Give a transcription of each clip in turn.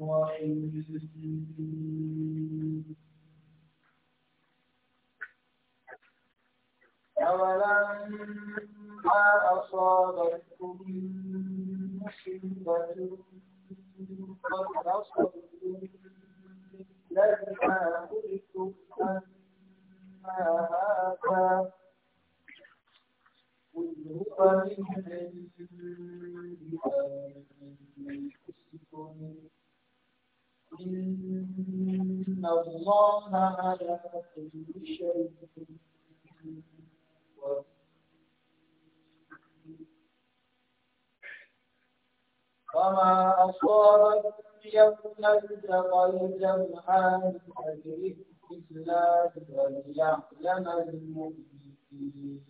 الظالمين أولما أصابتكم مصيبة قد أصبتم مثلها قلتم أما هذا قل هو من عند أنفسكم إن الله على كل شيء وما أصابك يوم التقى الجمعان فبإذن الله وليعلم المؤمنين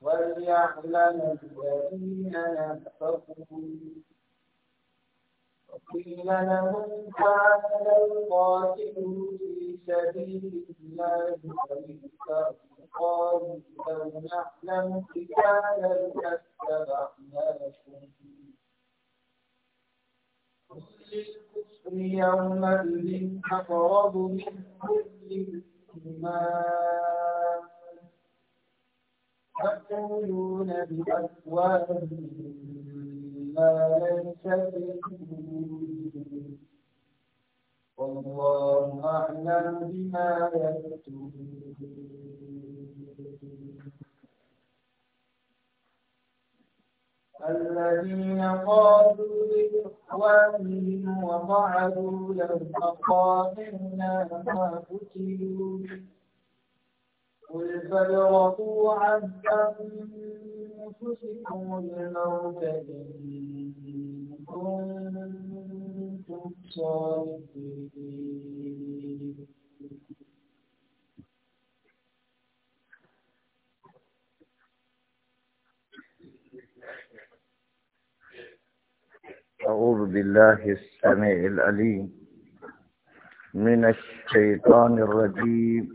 وليعلم الذين نفقوا وقيل لهم تعالى قاتلوا في سبيل الله قالوا لو نعلم قتالا لاتبعناكم للكفر يومئذ أقرب من كل الإيمان يقولون بأفواههم ما ليس بقلوبهم والله أعلم بما يكتبون الذين قالوا لإخوانهم وقعدوا لو أطاعنا ما قتلوا قل فادرءوا عن أنفسكم الموت إن كنتم صادقين أعوذ بالله السميع العليم من الشيطان الرجيم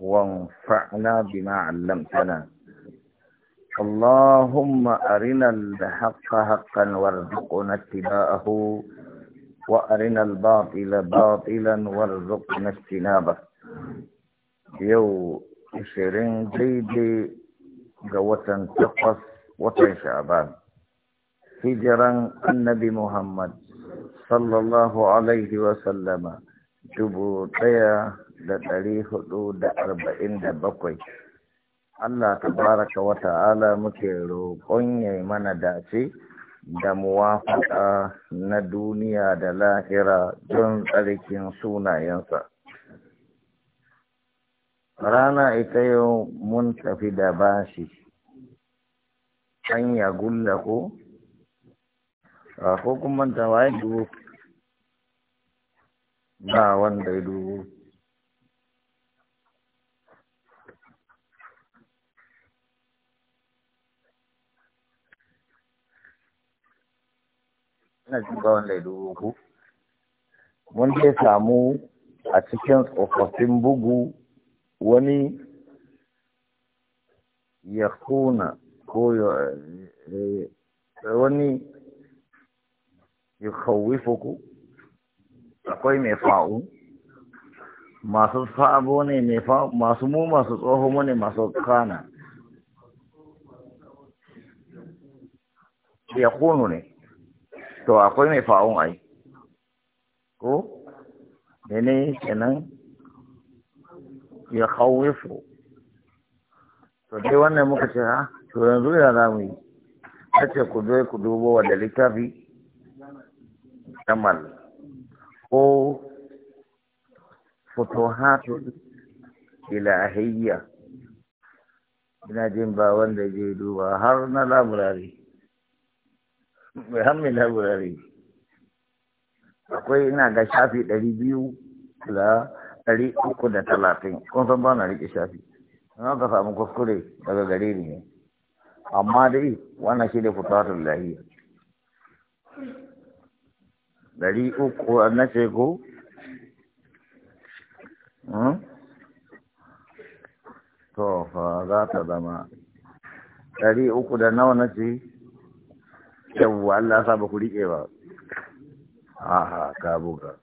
وانفعنا بما علمتنا اللهم أرنا الحق حقا وارزقنا اتباعه وأرنا الباطل باطلا وارزقنا اجتنابه يو عشرين جيدي جوة تقص وتشعبان شعبان هجرا النبي محمد صلى الله عليه وسلم جبوتيا da ɗari hudu da arba'in da bakwai Allah ta tabaraka wata ala muke roƙon ya mana dace da muwafaƙa na duniya da lahira don tsarkin sunayensa. Rana ita yau mun tafi da bashi, an ya gulla ko? Ko kuma ta waye dubu? Ba wanda ya dubu. ina jin ba wanda ya dubo ku mun dai samu a cikin tsofaffin bugu wani ya kuna eh, ko wani ya kawai ku akwai mai fa'u masu sabo ne mai fa'u masu mu masu tsoho ne masu kana ya kunu ne to akwai mai fa'un ai ko ne kenan ya to dai wannan muka ce ha ah, to yanzu ya za mu yi ta ce ku zo ku dubo wa da littafi jamal ko futuhatu ilahiyya ina jin ba wanda je duba har na laburari Muhammad Laburari. Akwai ina ga shafi ɗari biyu da ɗari uku da talatin. Kun san ba na riƙe shafi. Na ka samu kuskure daga gare ni ne. Amma dai wannan shi da fitatul lahi. Ɗari uku na ce ko? Hmm? To fa za ta zama. Ɗari uku da nawa na ce? yawwa Allah sa ba ku riƙe ba aha ka buga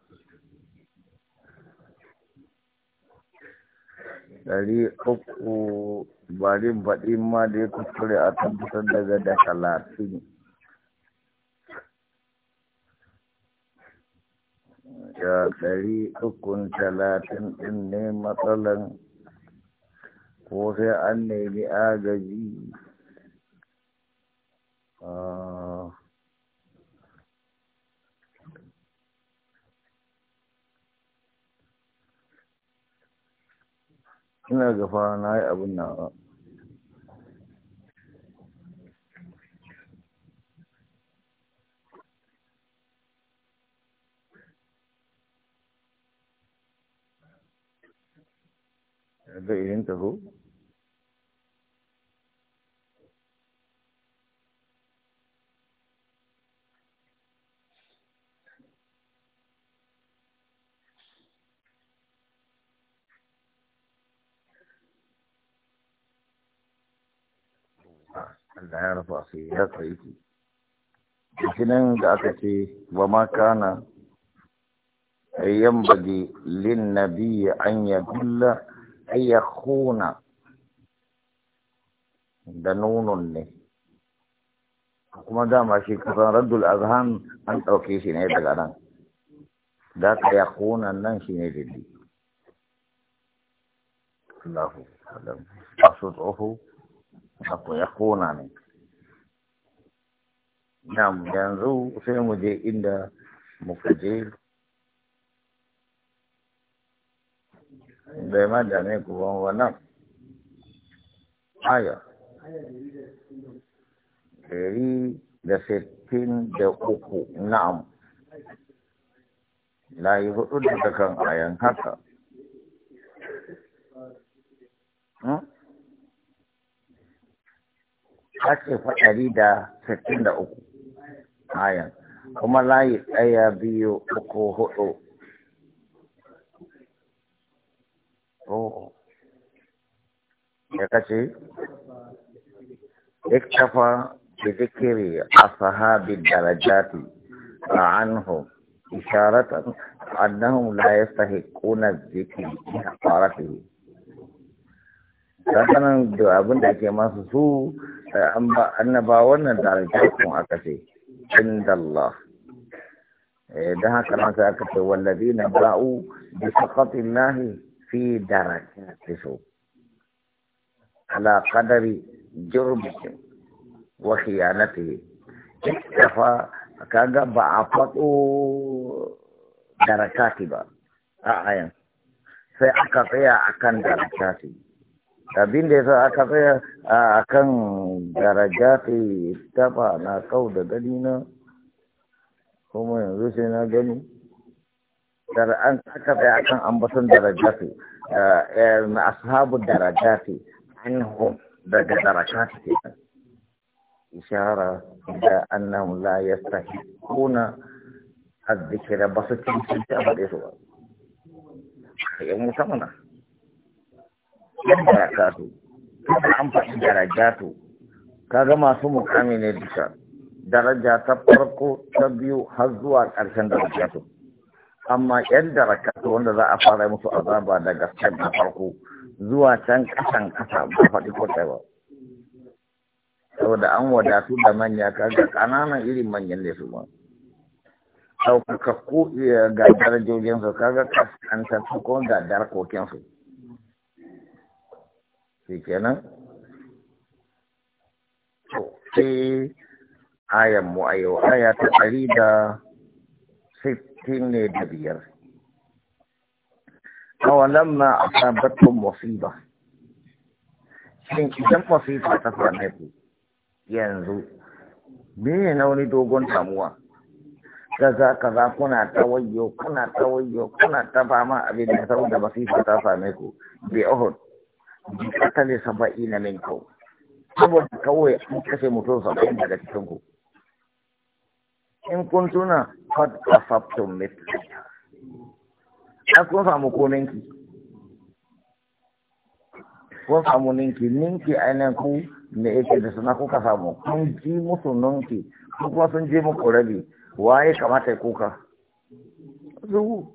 ɗari uku bari baɗi ma da ya kuskure a tabbatar daga da talatin ya ɗari ukun talatin ɗin ne matsalan ko sai an nemi agaji ah. ina gafa na yi abin nawa da irin taho Allah ya rafa su ya tsaye ki nan da aka ce wa ma kana bage lin biyu an yadulla ay yakhuna da nunun ne kuma dama shi kasan raddul azhan an ɗauke shi ne daga nan da ka ya kunan nan shi ne dindi Allahu Alam. Asu tsohu wato ya kona ne Nam yanzu sai mu je inda muka je bai ma dame ku wannan aya ɗari da sittin da uku na'am layi hudu da kan ayan haka hmm? ake fadari da 63 aya kuma layi ɗaya biyu uku hudu oh. ya kace iktafa بذكر أصحاب الدرجات عنهم إشارة أنهم لا يستحقون الذكر بحقارته sakanan da abin da ke masu su eh, annaba wannan darajakun aka ce inda Allah eh, don haka nan sai aka ce wallazi na ba'u bi saqatin lahi fi darajati su ala qadari jurbihim wa khiyanatihi kafa kaga ba a faɗo darakati ba a ayan sai aka tsaya akan darakati abin da ya sa aka tsaya a kan daraja ta taba na kau da gani na kuma yanzu sai na gani dar an aka tsaya a kan ambasan daraja ta na ashabu daraja ta an hum daga daraja ta ke ishara da annahum la yastahiquna az-zikra basu cikin ta ba da su ba ya musamman yan barakatu an faɗi to, kaga masu mukami ne duka daraja ta farko ta biyu har zuwa ƙarshen to. amma yan darakatu wanda za a fara musu azaba daga can na farko zuwa can ƙasan ƙasa ba faɗi ko ba saboda an wadatu da manya kaga ƙananan irin manyan ne su ma ɗaukakakku eh, ga darajojinsu kaga ƙasƙantattu ko ga darkokinsu shi kenan to sai ayan mu a yau aya ta ɗari da sittin ne da biyar wannan na a sabatun musiba shin idan musiba ta same ku yanzu me ne wani dogon damuwa kaza kaza kuna ta wayo kuna ta wayo kuna ta fama abin da saboda masifa ta same ku bi bi ne saba'i na kawo saboda kawai an kashe mutum saba'i daga cikin ku in kun tuna fat asabtum mithlaha a kun samu ko ninki kun samu ninki ninki ainihin ku ne yake da suna kuka samu kun ji musu ninki kun kuma sun ji muku rabi waye kamata ya kuka zuwu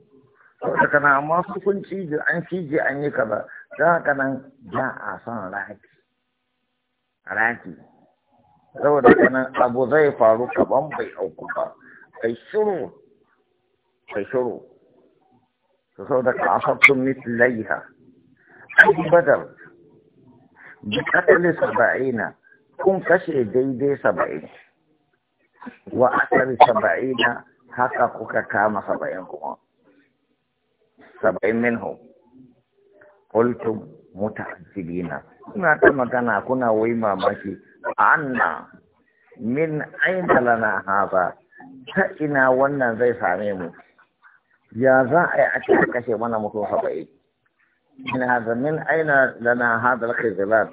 saboda kana amma su kun cije an cije an yi kaza don haka nan ba a son raki raki saboda kanan abu zai faru kaban bai auku ba kai shiru kai shiru su saboda ka asabtun mislaiha abu badar bi katali saba'ina kun kashe daidai saba'in wa asali saba'ina haka kuka kama saba'in kuma saba'in min hau qultum muta'assibina kuna ta magana kuna wai mamaki anna min aina lana haza ta ina wannan zai same mu ya za a yi ake kashe mana mutu saba'i Ina haza min aina lana haza al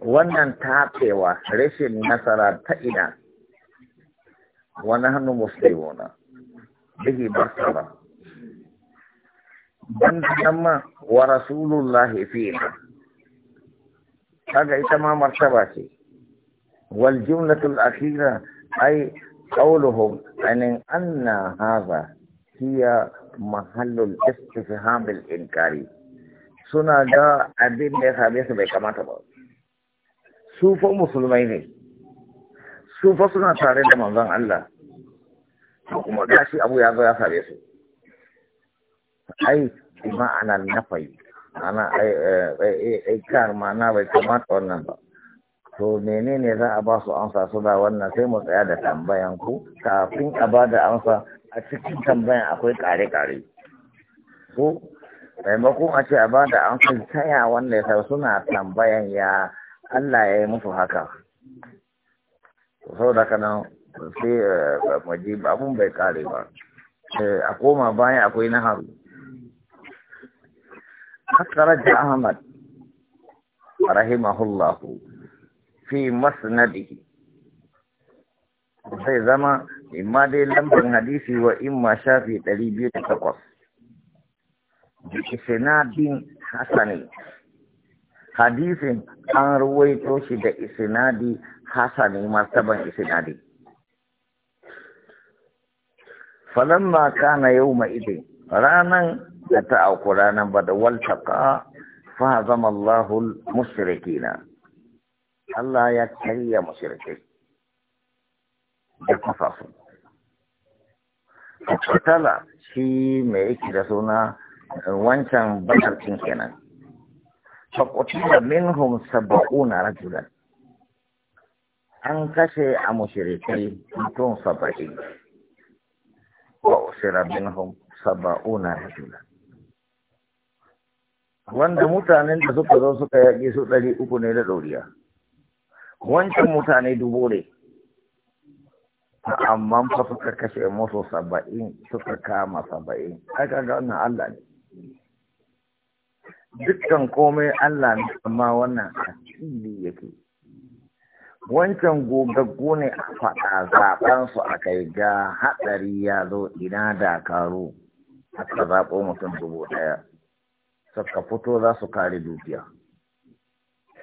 wannan tafewa rashin nasara ta ina wani hannu musulmuna bihi ba. dan dama wa rasulullahi fiha kaga ita ma martaba ce wal jumlatul akhira ay qawluhum an anna hadha hiya mahallul istifham bil inkari suna ga abin da ya same su bai kamata ba su fa musulmai ne su fa suna tare da manzon Allah kuma gashi abu ya zo ya same su ai bi ma'anar ana ai eh, eh, eh, kar ma'ana bai kamata wannan ba to menene za a ba su amsa suna wannan sai mu tsaya da tambayan ku kafin a ba da amsa a cikin tambayan akwai kare-kare ko maimakon a ce a ba da amsa taya wanda ya suna tambayan ya Allah ya yi musu haka da kana sai maji abun bai kare ba a koma bayan akwai na haru أخرج احمد رحمه الله في مسنده في زمان اما دي لم حديثي واما شافي طبيب تقص سناد بن حسني حديث عن روي توشي ده حسني حسن مرتبة اسنادي فلما كان يوم اذن رانا da ta auku ranar ba da waltaka fa zama Allahul mushrikina Allah ya karya mushrikai da kafa su Kutala shi mai yake da suna wancan bakarcin kenan. Fakutala minhum saba'una rajulan. An kashe a mushrikai mutum saba'in. Wa usira minhum saba'una rajulan. wanda mutanen da suka zo suka yaƙi su ɗari uku ne da ɗauriya wancan mutane dubu ne amma fa suka kashe musu saba'in suka kama saba'in aka ga wannan Allah ne dukkan komai Allah ne amma wannan a asili yake wancan gogaggu ne a faɗa zaɓensu a aka yi ga haɗari ya zo ina dakaru aka zaɓo mutum dubu ɗaya suka fito za su kare dukiya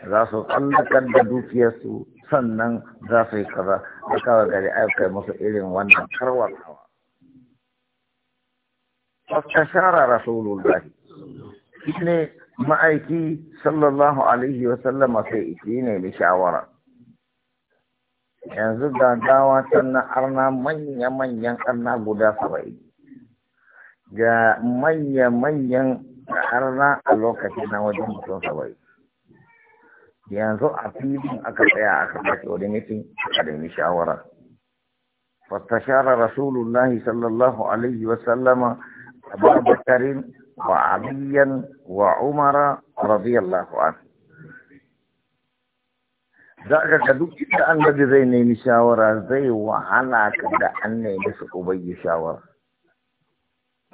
za su tsallakar da dukiyarsu sannan za su yi kaza da kawai gari aikai musu irin wannan karwatawa fastashara rasulullahi ne ma'aiki sallallahu alaihi wa sallama sai shi ne da shawara yanzu da dawa na arna manya-manyan arna guda saba'in ga manya-manyan har na a lokacin na wajen mutum saba'in yanzu a filin aka tsaya aka kashe wani mutum a daini shawara fattashara rasulullahi sallallahu alaihi wasallama a babakarin wa abiyan wa umara radiyallahu an za ka ka duk inda an zai nemi shawara zai wahala ka an nemi su ubayi shawara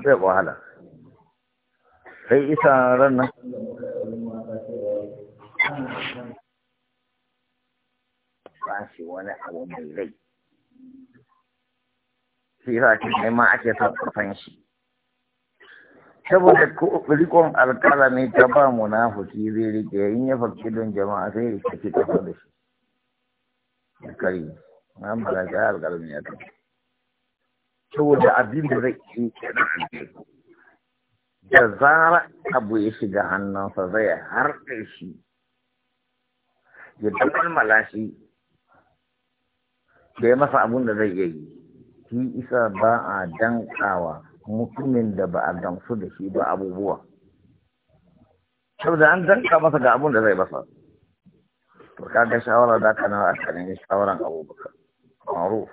zai wahala sai isa ran nan ba shi wani abu mai rai shi a kin kai ma ake son kafan shi saboda rikon rikon ne ta ba munafiki zai rike in ya fakki don jama'a sai ya tafi kafa da shi kari na malaka alkalami ya tafi saboda abin da zai yi kenan da zara abu ya shiga hannunsa zai harɗe shi ya damalmala shi da ya masa abun da zai yi shi isa ba a dankawa mutumin da ba a gamsu da shi ba abubuwa saboda an danka masa ga abun da zai masa to ga shawara da nawa a kanin shawaran abubakar ma'ruf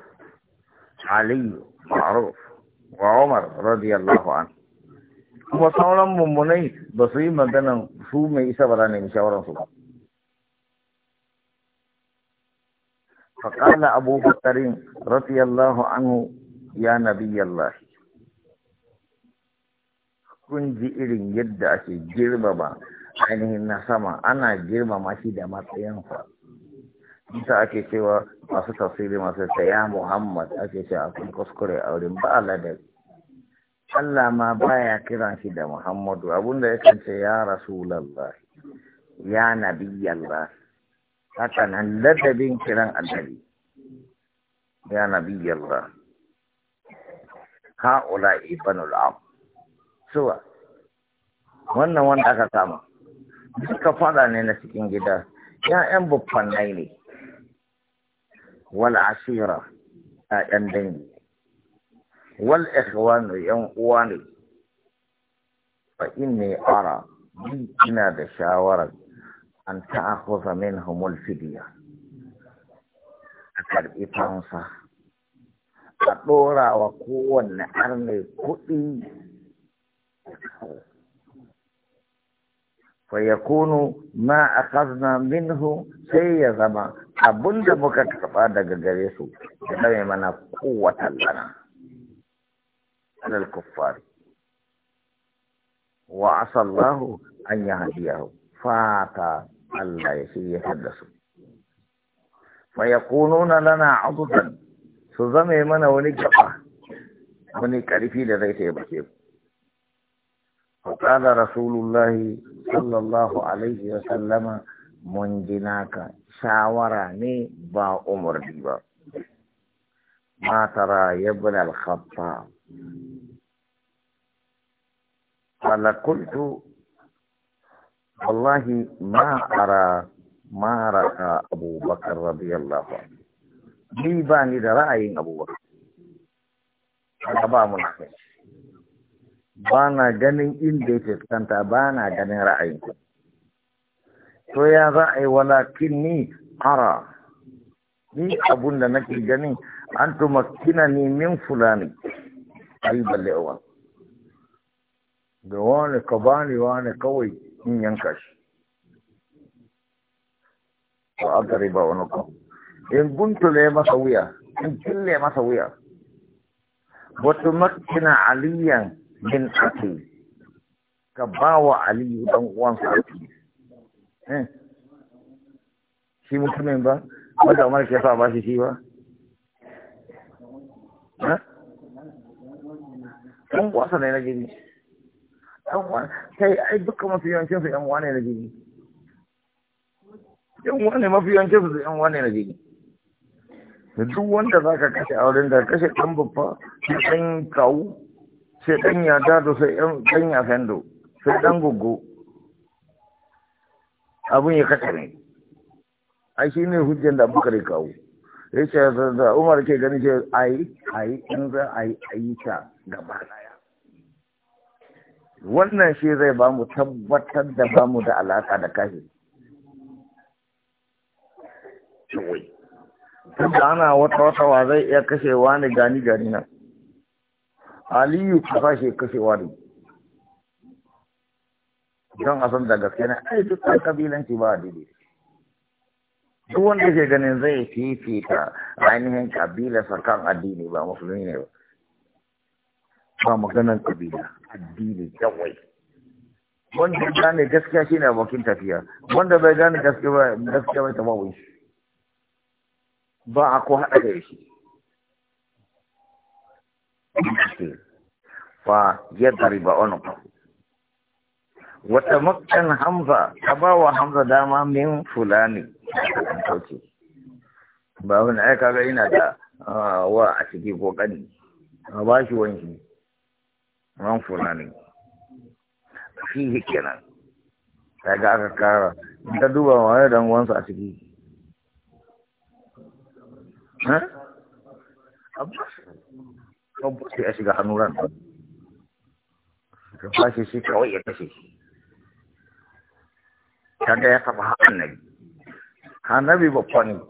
aliyu ma'ruf wa umar radiyallahu anhu kuma sauran mummunai ba su yi maganan su mai isa ba za nemi shawararsu ba فقال أبو بكر رضي الله عنه يا نبي kun ji irin yadda ake girmama ainihin na sama ana girmama shi da matsayinsa bisa ake cewa masu tafsiri masu saya muhammad ake cewa kun kuskure a wurin ba ladabi Allah ma baya kiran shi da Muhammadu abinda ya kance ya Rasulallah ya Nabiyallah haka nan ladabin kiran annabi ya Nabiyallah ha'ula ibanul am suwa wannan wanda aka kama duka fada ne na cikin gida ya'yan nai ne wal asira a ɗan dangi wal ikhwanu yan uwa ne fa inni ara bi ina da shawarar an ta'akhudha minhum al fidya a karbi fansa a ɗora wa kowanne arne kuɗi fa yakunu ma akhadna minhu sai ya zama abunda muka karba daga gare su ya mai mana kowatan lana من الكفار وعصى الله أن يهديه فات الله يحدث فيقولون لنا عضدا سزمي من ونجفة وني في لذيك يبكيب فقال رسول الله صلى الله عليه وسلم من جناك شاوراني با أمر ديبا ما ترى يبنى الخطاب فلقلت والله ما أرى ما رأى أبو بكر رضي الله ni ba da ra'ayin abubuwa ba ba mu lafiya ba na ganin inda ya fuskanta ba na ganin ra'ayin ku to ya za za'a yi walakin ni ara ni abun da nake ganin an tumakina ne min fulani ayi balle'uwa da wani ka bani wani kawai in yanka shi ba a gari ba wani kan in guntule masa wuya in kille masa wuya wata makina aliyan bin ake ka ba wa aliyu dan uwansa ake eh. shi mutumin ba wanda umar ke sa ba shi shi ba Kun eh? wasa ne na gini ɗan wane na jini jini duk wanda za ka kashe auren da kashe ɗan babba kawu sai ɗan ya dado sai ɗan ya fendo sai ɗan gugu abin ya ne ai shi ne hujjan da abubakar kawo ya ce da umar ke gani ce ai ai in za a yi ta gaba na wannan shi zai ba mu tabbatar da ba mu da alaƙa da kashi Duk tunda ana wata wata wa zai iya kashewa ne gani gani nan aliyu ka fashe kashewa ne don a san da gaske na ai duk ɗan kabilanci ba a daidai duk wanda ke ganin zai fifita ainihin kabilarsa kan addini ba musulmi ne ba ba maganar kabila addini kawai wanda ya gane gaskiya shi ne abokin tafiya wanda bai gane gaskiya mai gaskiya bai shi ba a ko haɗa da shi fa yadda riba ba wata makkan hamza ta ba wa hamza dama min fulani ba wani aika ga ina da ah, wa a ciki ko kani a ba shi wanki man fulani fihi kenan kaga aka kara in ka duba waye dan uwansa a ciki ha abbas abbas ya shiga hannuran ka fashe shi kawai ya kashe shi kaga ya taba annabi annabi babba ne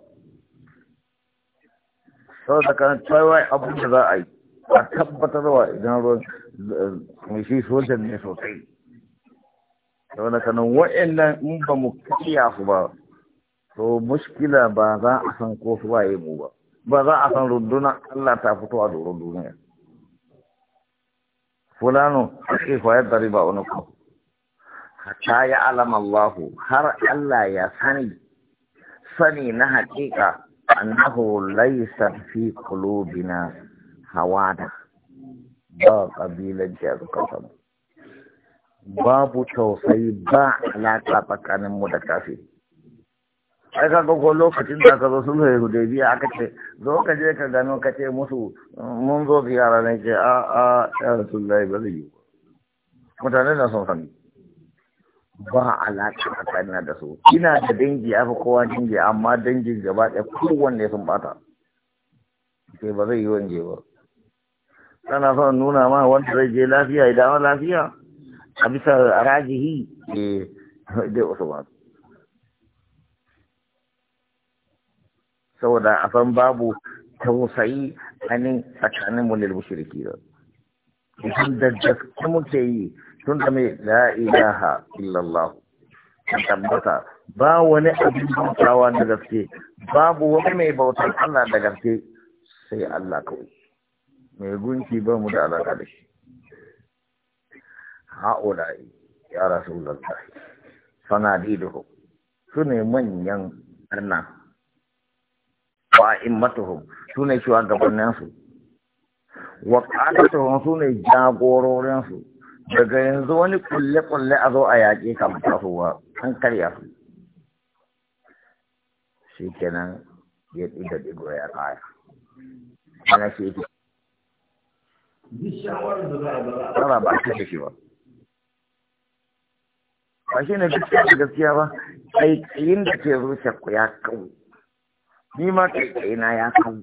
sau da kan tsawai abin da za a yi a tabbatarwa idan ruwan mai shi sojan ne sosai yau da kanan wa'annan in ba mu kariya su ba to mushkila ba za a san ko su waye mu ba ba za a san runduna Allah ta fito a doron duniya fulano ake koyar da riba wani ko. ta yi alam Allahu har Allah ya sani sani na haƙiƙa annahu laysa fi qulubina hawada ba ƙabilanci a ba. babu tausayi ba alaƙa tsakaninmu da kafin sai ka ko lokacin da ka zo sun zai hudaybiya aka ce zo ka je ka gano ka ce musu mun zo ziyara ne ke a a ya rasulullahi ba zai yi mutane na son sani ba alaƙa tsakanina da su ina da dangi ya fi kowa dangi amma dangin gaba ɗaya kowanne sun bata sai ba zai yi wanje ba tana son nuna ma wanda zai je lafiya idan ma lafiya a bisa rajihi eh, dai usman saboda a san babu tausayi anin tsakanin mu lil mushriki da tun da gaske muke yi tun da mai illallah a tabbata ba wani abin bautawa da gaske babu wani mai bautar Allah da gaske sai Allah kawai mai gunki ba mu da alaka da shi ha'ula'i ya rasulallah sanadiduhu su ne manyan annan wa immatuhum su ne shugabanninsu wa qadatuhum su ne jagororinsu daga yanzu wani kulle-kulle a zo a yaƙe ka tasowa an karya su shi kenan ya ɗiga ɗigo ya kaya ana shi Tsara ba a shi ba. Ba shi ne duk da gaskiya ba, ƙaiƙayin da ke ku ya kawo. Ni ma ƙaiƙayina ya kawo.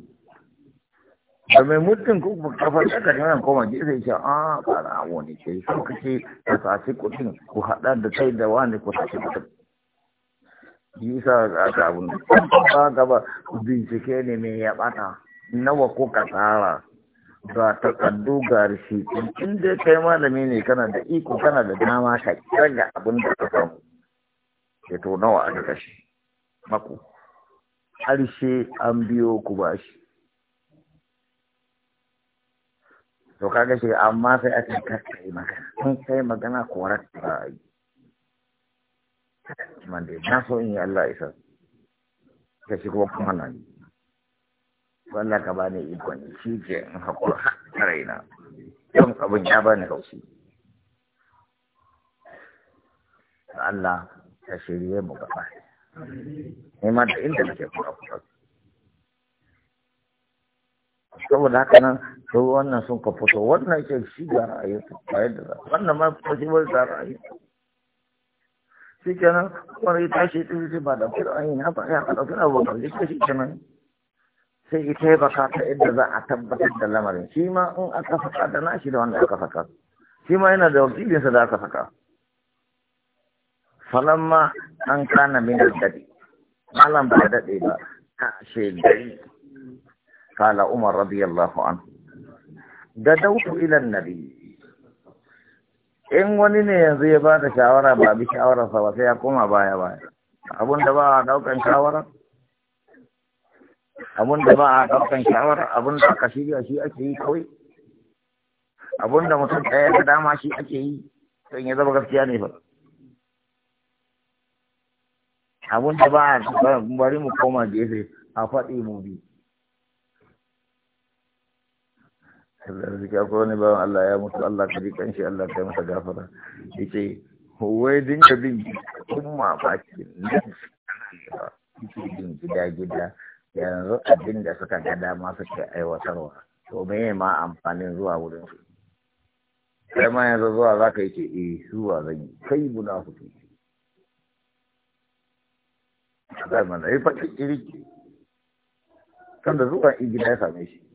Da mai mutum ko ku kafar ɗaka tana koma ji shi a ba ƙara abu ne ke so kashe da sashi kuɗin ku haɗa da kai da wani ku sashi kuɗin." sa ga abun da ba gaba bincike ne mai ya ɓata nawa ko ka tsara. ga takardu ga rishi in dai kai malami ne kana da iko kana da dama ka kirga abin da ka samu ya to nawa aka kashe maku harshe an biyo ku ba shi to kaga shi amma sai aka yi magana in kai magana korar ta yi man dai na so in yi Allah isa ka shi kuma kuma nan wannan ka bani ikon shi ke in haƙura a raina don abin ya bani haushi Allah ta shirye mu gaba ne ma da inda nake kuma kuma saboda haka nan to wannan sun ka fito wannan ke shi ga ra'ayinsa ba da za wannan ma kuma shi bai ga shi kenan kuma ya tashi ya tafi ba da kuma ayin haka ya ka ɗauki ba da shi kenan sai ita ya baka ta inda za a tabbatar da lamarin shi ma in aka saka da nashi da wanda aka saka shi ma yana da wakilinsa da aka saka falamma an kana min dadi malam ba daɗe ba a dai, kala umar radiyallahu an. da dautu ilan nabi in wani ne yanzu ya ba da shawara ba bi shawararsa ba sai ya koma baya baya Abunda ba a daukan shawara abun da ba a ɗaukan shawara abun da aka shirya shi ake yi kawai abun da mutum ɗaya da dama shi ake yi don ya zama gaskiya ne ba abun da ba a bari mu koma gefe a faɗi mu bi Allah zika ko ne bawan Allah ya mutu Allah ka ji kanshi Allah ka yi masa gafara yace wai dinka bin kuma ba ki ne gida gida yanzu abin da suka ga dama suke aiwatarwa to me ma amfanin zuwa wurin su kai ma yanzu zuwa za ka yi ce eh zuwa zan yi kai munafiki zai mana yi faɗi iri kan da zuwa in gida ya same shi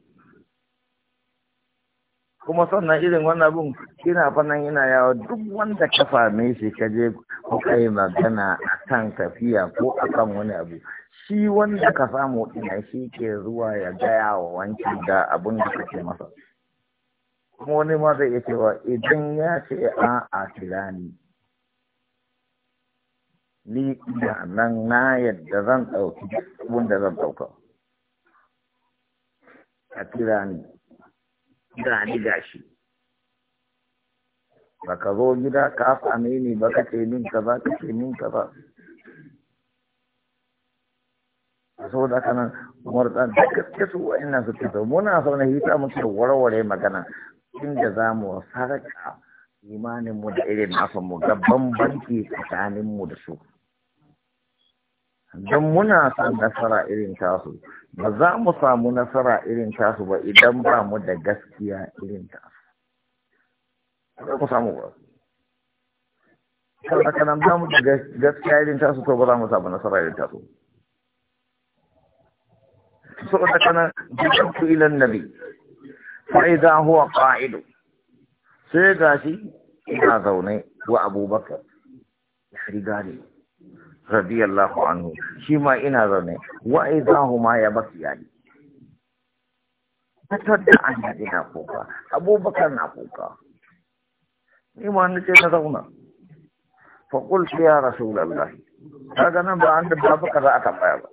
kuma sannan irin wannan abun ina fannan ina yawa duk wanda ka same shi ka je kuka yi magana a kan tafiya ko a kan wani abu shi wanda ka samu ina shi ke zuwa ya gaya wa wancan ga abun da kake masa kuma wani ma zai iya cewa idan ya ce a a filani ni ina nan na yadda zan ɗauki abin da zan ɗauka a filani shi gashi baka zo gida ka mini ba ka ce min ba ka ce min kaza saboda haka nan umar da gaske su wa'annan su fito muna so na hita da warware magana inda za mu sarƙa imaninmu da irin mu ga bambanci tsakaninmu da su don muna son nasara irin tasu ba za mu samu nasara irin tasu ba idan ba mu da gaskiya irin tasu ba ku samu ba kan haka nan ba mu da gaskiya irin tasu to ba za mu samu nasara irin tasu so da kana jikintu ilan nabi fa idan huwa ƙa’ido, sai gashi ina zaune wa abubakar ya riga ne radiyallahu anhu shi ma ina zaune wa idahu ma ya baki yayi fitar da an yaɗi na kuka abubakar na kuka ni ma na ce na zauna faƙul ya rasulallah kaga nan ba an da babakar za a tambaya ba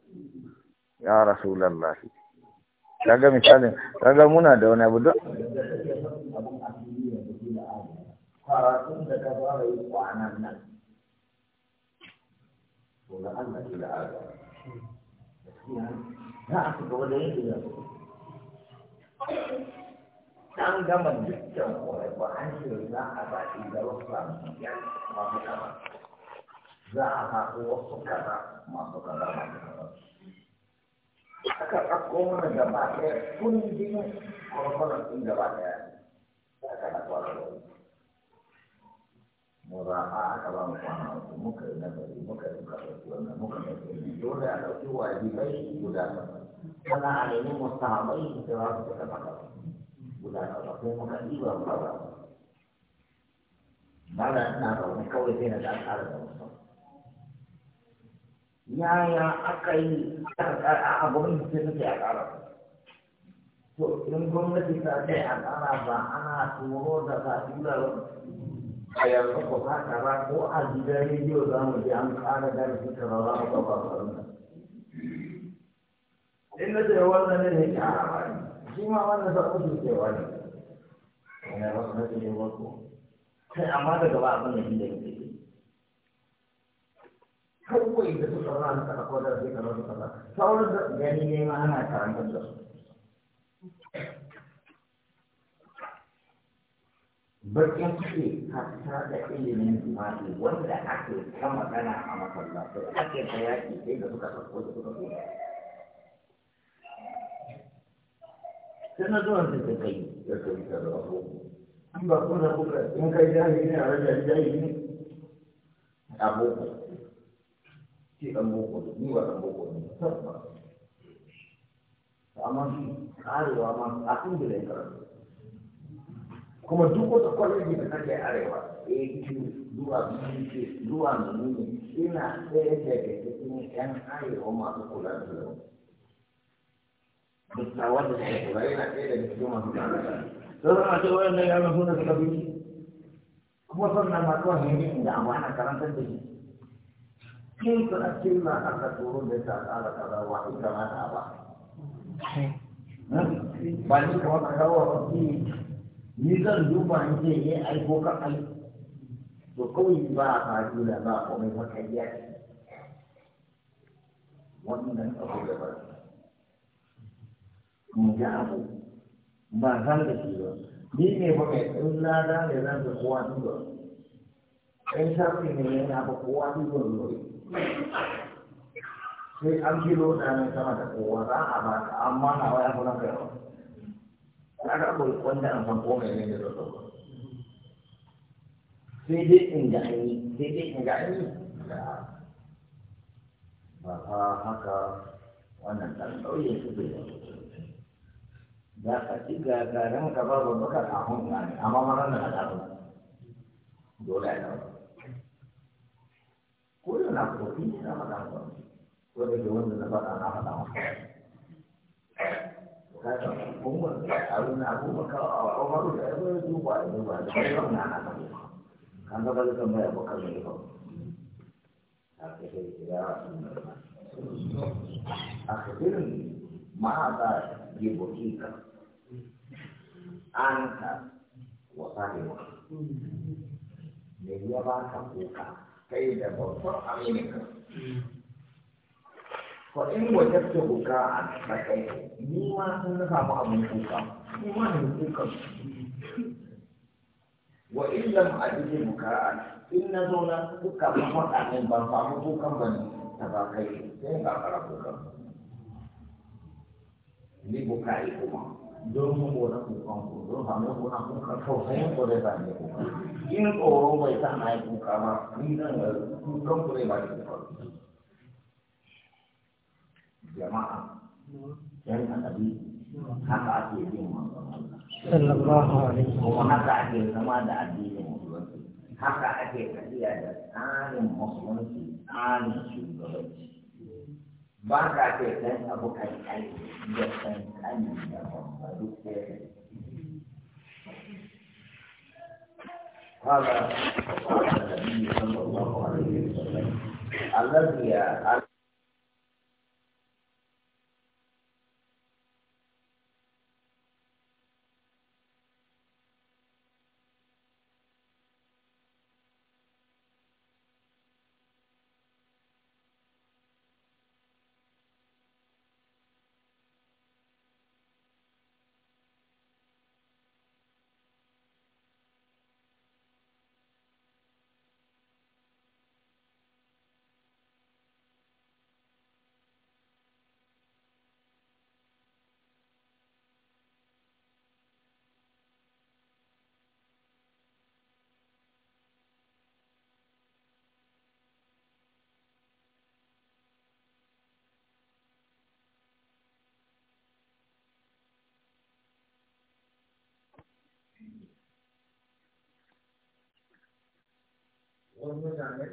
ya rasulallah ga misalin ga muna da wani abu don karatun da ka fara yi kwanan nan ولا أن إلى هذا لا أعتقد ولا يدري dan gaman dukkan kawai ba an ce za a ba shi da wasu amfiyar masu kama za a haɗu wasu kaza masu kaza masu kaza aka ɗauko mana gaba ɗaya kun jini kwarkwaron ɗin gaba ɗaya da aka ɗauko mura'a aka ba mu kwana uku muka yi nazari muka yi muka ɗauki wannan muka ɗauki wannan dole a ɗauki wajibai guda kaza kana a nemi mustahabai da za su fita maka guda kaza sai muka ɗiba muka ba ba da ina zaune kawai sai na ɗan ƙara da yaya aka yi a gwamnati sai nake a ƙara to in gwamnati ta ce a ƙara ba ana turo da ta tura a yanzu ku haka ba ko a gidan rediyo za mu ji an ƙara darasi ka ba za mu ɗauka faruna in na ce wannan ne ne ƙara ba ne shi ma wannan za ke kudu ne. wani ina wasu na ke ce wasu kai amma daga ba abin da shi da ke kawai da suka rana ta akwai da suka rana ta sauran da gani ne ma ana karanta da su bakin ciki hatta da ilimin jima'i wanda ake ta magana a masallatai ake ta yaƙi sai da suka farko da suka koya sai na zuwa sai ta kai ya kai ta da wasu an ba ko na kuka in kai jahili ne a rage jahili ne a boko ce ɗan boko ne ni ba ɗan boko ne ta amma shi karewa ma a kan da ya karatu kuma duk wata kwallon da take arewa a eh, zuwa bbc zuwa menene ina ɗaya daga cikin yan arewa masu kula da lau dattawa da suka kula yana ɗaya daga cikin masu kula da lau don a ce wayan nan yaran suna suka bi kuma sannan ma kawai ne inda abu ana karantar da shi kin kuna killa aka tsoro da ta tsara kaza wa ita ma ba ba ni kamar ka kawo wa ni zan duba in ce ya eh, aiko ka ai to kawai ba a faru da ba a komai wata ya ce wannan abu da ba mu ga abu ba zan da shi ba ni ne ba kai in lada ne zan da kowa duba in sarki ne yana ba kowa duba duba sai an kilo ɗanin sama da kowa za a ba amma na waya kuma kai ba kaga ba wanda an san ko mai ne da zo sai dai in ga an yi sai dai in ga an yi ba fa haka wannan ɗan ɗauye su bai da za ka ci gagarin ka ba babakar a hunka ne amma maran da haɗaru dole ya ɗauka ko da na kofi ne na faɗa ko da ke wanda na faɗa na faɗa kan gaba da ya a kasirin ma'aza jibokin ya kuka kai da fa in wajabta buka a matsayi ni ma sun na samu abin kuka ni ma ne kuka wa in lam ajid buka in na zo na kuka ba faɗa min ban samu kukan ba ne ta ba kai sai ga fara kukan ni buka yi kuma don na kukan ku don b'a mu samu kuna kuka tausayin ku zai sami kuka in tsoro bai sa na yi kuka ba ni zan ga kukan ku ne ba kuka jama'a yan ake yin manzon sallallahu alaihi wa haka ake zama da addinin musulunci haka ake tafiya da tsarin musulunci tsarin shugabanci ba ka ce dan abu kai kai da san kan da bambaru هذا صلى الله عليه وسلم الذي لولا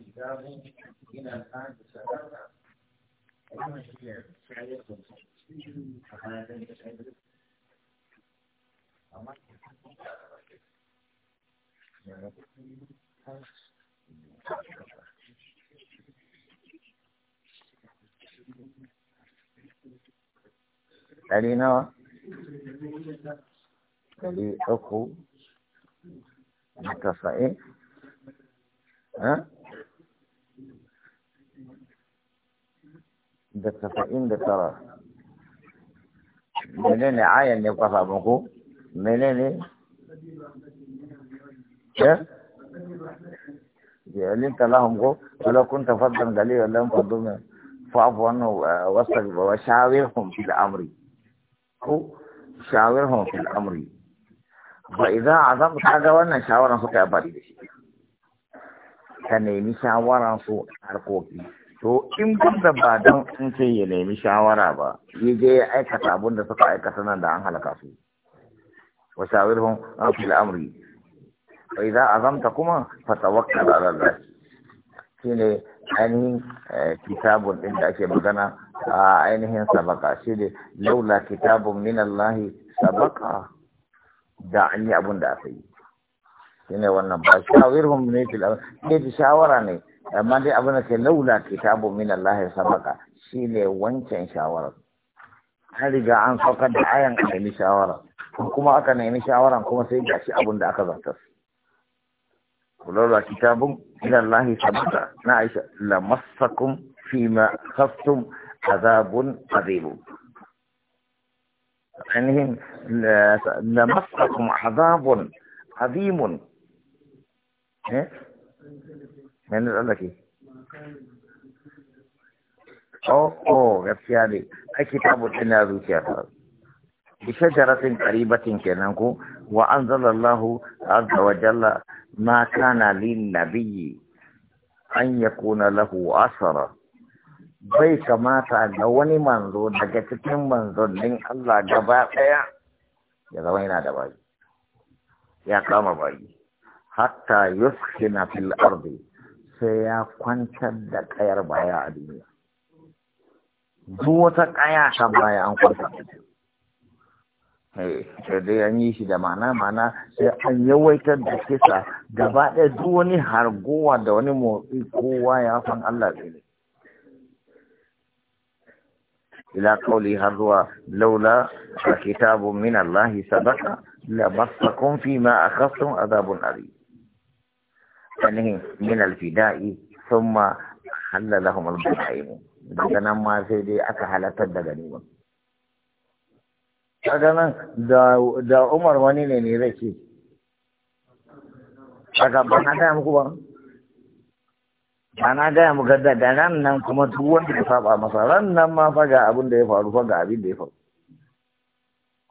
كتاب إلى الآن بسبب أما هي شعير فهذا يشعر أما يعني ɗari nawa ɗari uku da tasa'in da tasa'in da tara menene ayan ne kwafa muku menene ya ya linta lahum ko wala kunta faddan فاعف عنه وشاورهم في الامر او شاورهم في الامر فاذا عظم azam وانا wannan shawaran suka amfani da shi ka nemi su harkoki to in banda ba don in ce ya nemi shawara ba ya je ya aikata abin da suka aikata nan da an halaka su wa shawirhum fil amri fa azamta kuma fa tawakkal ala shi ne. ainihin eh, kitabun din da ake magana a ainihin sabaka shi ne laula kitabun min Allahi sabaka da an yi abin da aka yi shi ne wannan ba shawirhum ne fil ne shawara ne amma dai abin da ke laula kitabun min Allahi sabaka shi ne wancan shawarar an riga an saukar da ayan a nemi shawara kuma aka nemi shawaran kuma sai gashi abin da aka zartar ولولا كتاب إلى الله سبحانه نعيش لمسكم فيما خفتم عذاب قديم يعني لمسكم عذاب قديم من قال لك ايه او او غفيا كتاب الدنيا بشجرة قريبة كنانكو وأنزل الله عز وجل ما كان للنبي أن يكون له أثر bai kamata da wani manzo daga cikin manzannin Allah gaba daya ya zama yana da bayi ya kama bayi hatta yuskina fil ardi sai ya kwantar da kayar baya a duniya duk wata kaya shan baya an kwantar da Eh, da an yi shi da ma'ana-ma'ana sai an yawaitar da kisa gaba ɗaya duk wani hargowa da wani motsi kowa ya san Allah ne. ila kauli har zuwa laula a kitabun min Allah sadaka la basakun fi ma kasan azabun ari ainihin min alfida'i thumma halalahum al ne, daga nan ma sai dai aka halatar da ganima kaga nan da umar wani ne ne zai ce kaga ba na gaya muku ba ba na gaya muku da da nan nan kuma duk wanda ya saba masa ran nan ma fa ga abin da ya faru fa ga abin da ya faru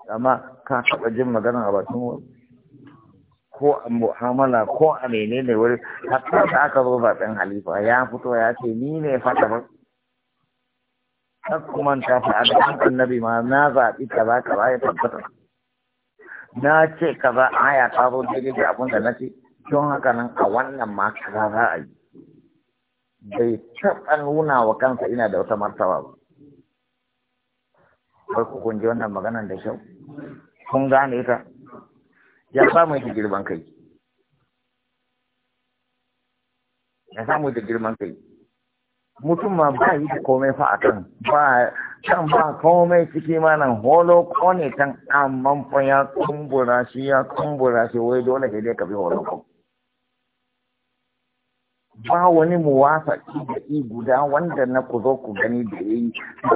amma ka taɓa jin maganar a batun wani ko a mu'amala ko a menene wuri hatta da aka zo zaɓen halifa ya fito ya ce ni ne fata ba har kuma ta fi adadin annabi ma na zaɓi kaza kaza ya tabbata na ce kaza aya ta zo daidai da abin da na ce don haka nan a wannan ma kaza za a yi bai taɓa nuna wa kansa ina da wata martaba ba bai ku kun ji wannan maganan da kyau kun gane ta ya samu yake girman kai ya samu da girman kai mutum ma ba yi da komai fa kan ba can ba komai ciki ma nan holo ne can amma fa ya kumbura shi ya kumbura shi wai dole sai dai ka bi holo ko ba wani muwasa da i guda wanda na ku zo ku gani da yi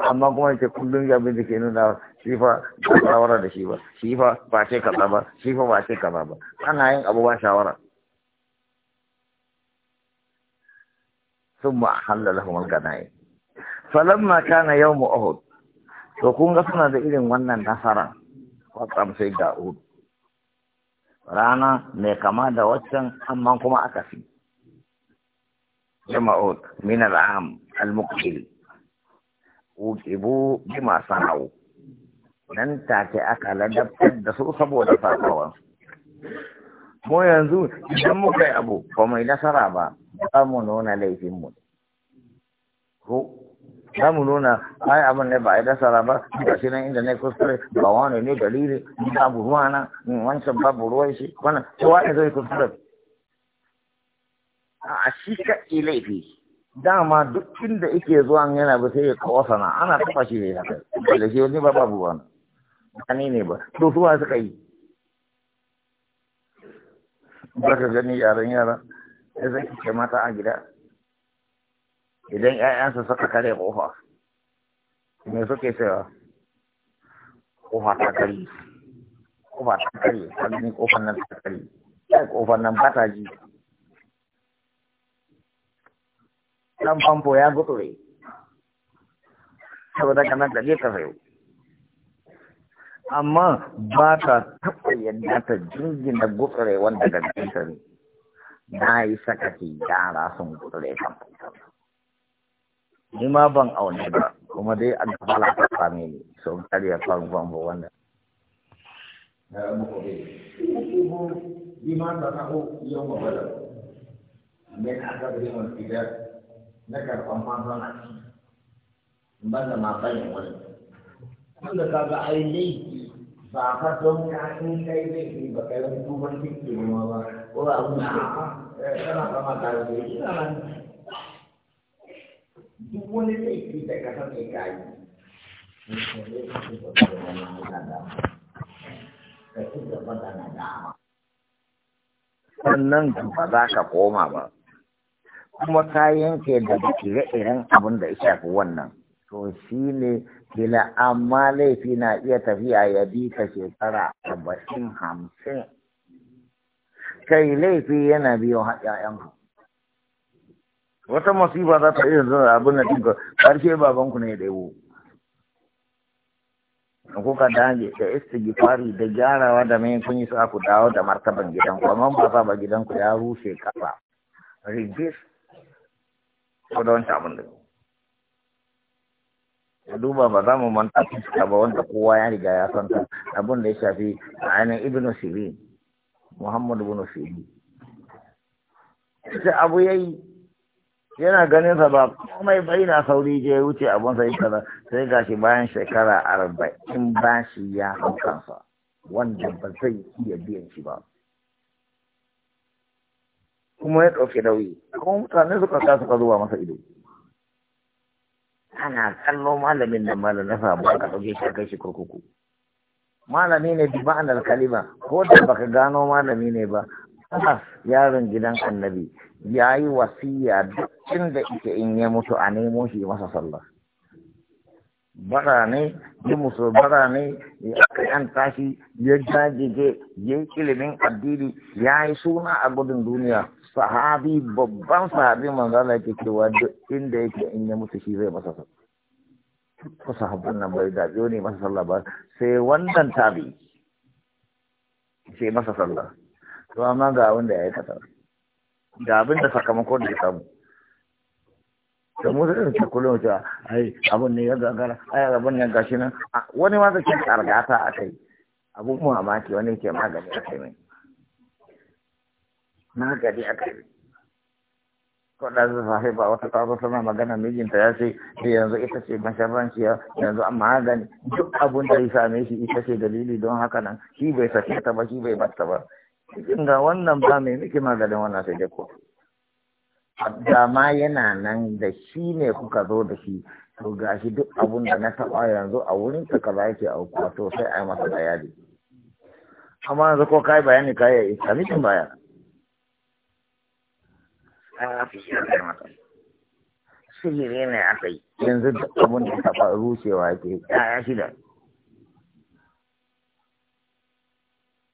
amma kuma ce kullum ya bin da ke nuna shifa ba shawara da shi ba ba ce kaza ba shifa ba ce kaza ba ana yin abu ba shawara sun ma'ahalla lahumar ganaye salam na kana yau ma'ahud to kun ga suna da irin wannan nasara kwatsam sai ga uhud rana mai kama da waccan amma kuma aka fi jama'ud min al'am al-muqil uqibu bima sanau nan take aka ladabtar da su saboda fasawa mu yanzu idan muka yi abu ko mai nasara ba za mu nuna laifinmu ne ko za mu nuna ai abin ne ba a yi dasara ba ga shi nan inda na kuskure ba wani ne dalili babu ruwa na wancan babu ruwan shi wannan cewa ne zai kuskure a shi ka laifi dama duk inda ike zuwa yana ba sai ya kawo sana ana taba shi ne haka da shi wani ba babu ba Ani ne ba to suwa suka yi baka gani yaran yara sai zai kike mata a gida idan ƴaƴansa suka kare kofa me suke cewa kofa ta kare kofa ta kare kalmi kofar nan ta kare kai kofar nan ba ta ji Ɗan famfo ya gutsure saboda kana da je ka sayo amma ba ta taɓa yadda ta jingina gutsure wanda daga ne na yi da yara sun kudure kan ni ma ban aune ba kuma dai an fara ta same ni sun karya kan ban ba wanda بما صنعوا يوم بدر من عذابهم الكتاب ذكر فما صنع بل ما بين ولد كل هذا عينيه ba ka don ka in kai laifi ba kai wani duban kirki ma ba ko ba abu na kana kama ka kai sannan ba za ka koma ba kuma ka yanke da ire-iren abin da ya shafi wannan to shi ne kila amma laifi na iya tafiya ya bi ka shekara arba'in hamsin kai laifi yana biyo ku wata masifa za ta iya zuwa abin da ɗinka ƙarshe babanku ne da yawo kuka dage da istighfari da gyarawa da mai kun yi sa ku dawo da martaban gidanku amma ba sa ba gidanku ya rushe kasa rigis ko don wancan abin da ya duba ba za mu manta fuska ba wanda kowa ya riga ya san abin da ya shafi a ainihin ibnu sirin muhammad ibn sirin ita abu ya yi, yana ganin sa ba komai bai na sauri je wuce abun sa kaza sai ga shi bayan shekara arba'in bashi ya hau kansa wanda ba zai iya biyan shi ba kuma ya ɗauki nauyi kuma mutane suka kasa suka zuba masa ido ana kallo malamin da malam na samu aka ɗauke shi kai shi kurkuku malami ne bi ma'anar kalima ko da baka gano malami ne ba ana yaron gidan annabi ya yi wasiya duk inda ike in ya mutu a nemo shi masa sallah bara ne yi musu bara ne ya an tashi ya jajige ya yi ilimin addini ya yi suna a gudun duniya sahabi babban sahabi manzo Allah yake cewa duk inda yake in ya mutu shi zai masa sallah ko sahabban nan bai da ne masa sallah ba sai wannan tabi sai masa sallah to amma ga wanda da ya aikata ga abin da sakamakon da ya samu da mu da ta kullum ta ai abun ne ya gagara ai abun ne gashi nan wani ma zai ci argata akai abun mamaki wani ke magani akai mai na gari a kai kwada su ba wata tazo tana magana mijinta ya ce eh, yanzu ita ce masharranciya yanzu an magani duk abun da ya same shi ita ce dalili don haka nan shi bai sake ta ba shi bai bata ba cikin ga wannan ba mai muke maganin wannan sai dai ko da ma yana nan da shi ne kuka zo da shi to gashi duk abun da na taba yanzu a wurin ka kaza yake auku to sai a yi masa bayani amma yanzu ko kai bayani kai ya isa mijin baya a sihiri ne aka yi yanzu duk abin da taɓa rushewa ke ya shida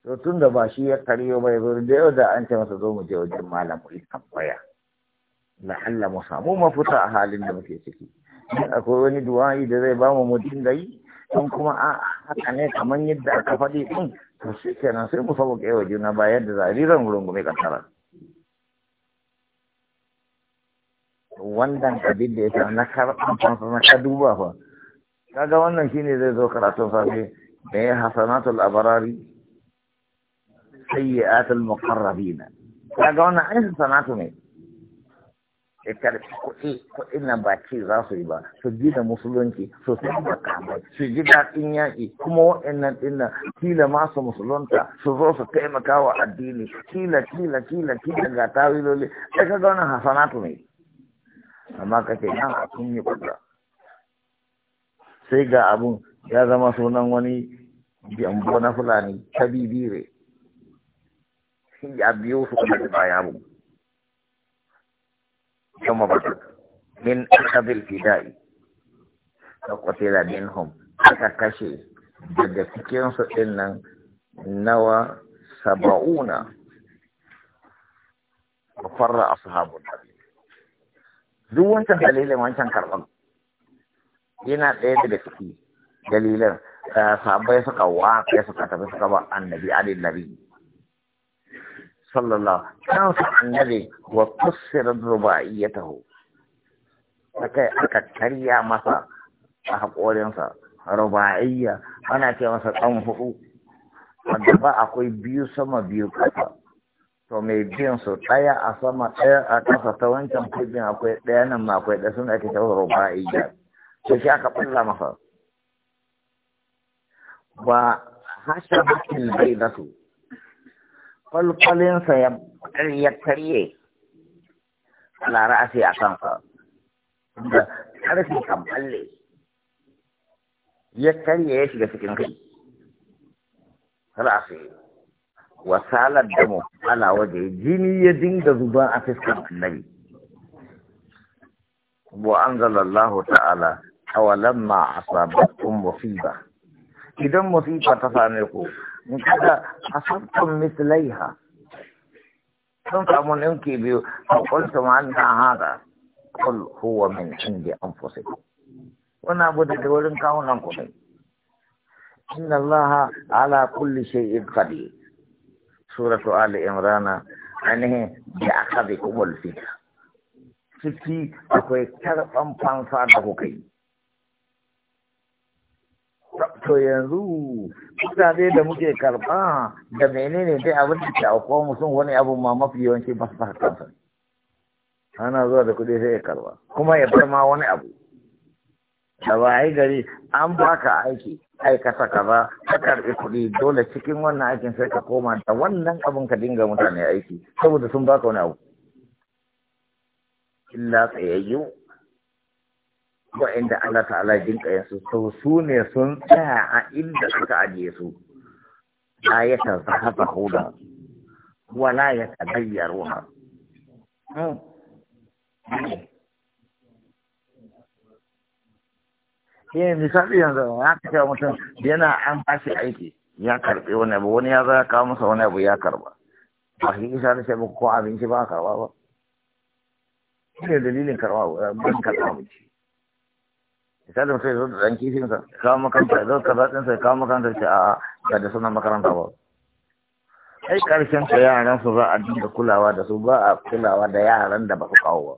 to tun da ba shi ya karyo bai zo da yau da an ce masa zo mu je wajen malam mu tambaya la'alla mu samu mafuta a halin da muke ciki akwai wani duwayi da zai bamu mu dinga yi tun kuma a haka ne kamar yadda aka faɗi ɗin to shi kenan sai mu sauke wa juna ba yadda zariran rungume kasarar wannan abin da ya sa na karɓar na ka duba fa kaga wannan shine zai zo karatun safe da ya hasanatul abarari sayyi'atul muqarrabina kaga wannan ai hasanatu ne ya karfi e? Ko ina ba ci za su yi ba su ji da musulunci su san da su ji daɗin yaƙi kuma waɗannan ɗin kila masu musulunta su zo su taimaka wa addini kila kila kila kila ga tawiloli sai kaga wannan hasanatu ne amma ka ce nan a sun yi kudura sai ga abun ya zama sunan wani jambo na fulani ta bibire ya biyo su kuma da baya mu yamma batu min akabil fida'i ta kwatila hom aka kashe daga cikinsu ɗin nan nawa saba'una farra ashabun nabi duk wancan dalilin wancan karɓar yana ɗaya daga ciki dalilan sabai suka waƙe suka tafi suka ba annabi alin nabi sallallahu kansa annabi wa iya taho ta kai aka karya masa a haƙorinsa ruba'iyya ana ce masa ɗan hudu wanda ba akwai biyu sama biyu ƙasa to mai biyan su ɗaya a sama ɗaya a ƙasa ta wancan kujin akwai ɗaya nan ma akwai da suna ake ta a iya to shi aka ɓalla masa ba hasha hakin bai da su kwalkwalinsa ya karye karye a lara'asi a kansa da karfi kan ɓalle ya karye ya shiga cikin kai ra'asi wasalar da mu ala waje jini ya dinga zuba a fiskar annabi wa anzalallahu ta'ala ma asabatkum musiba idan musiba ta same ku in kada asabtum mislaiha sun samu ninki biyu a kulta ma'ana hada kul huwa min indi anfusikum wani abu da wurin kawunan ku ne inna allaha ala kulli shay'in qadir suratu ali imrana ainihin da aka zai ciki akwai karɓan fansa da kuka yi to yanzu mutane da muke karɓa da menene dai abin da ke aukuwa musun wani abu ma mafi yawanci ba su kansa ana zuwa da kuɗi sai ya karɓa kuma ya bar ma wani abu da waye gari an baka aiki aikata kaza ka karbi kuɗi dole cikin wannan aikin sai ka koma da wannan abin ka dinga mutane aiki saboda sun baka wani abu illa tsayayyu wa'inda Allah ta'ala jinka yasu sau su ne sun tsaya a inda suka ajiye su la ya zahaba huda wala ya taghayyar ruha hmm. eh misali yanzu ya kace mutum yana an bashi aiki ya karbi wani abu wani ya zaya kawo masa wani abu ya karba ba shi isa na sai ko abinci ba karba ba ne dalilin karba ban karba mu ci misali mutum ya zo da dan kifin sa kawo makaranta ya zo kaza din sa kawo makaranta ce a'a ba da sunan makaranta ba ai karshen ka yaran su za a dinga kulawa da su ba a kulawa da yaran da ba su kawo ba.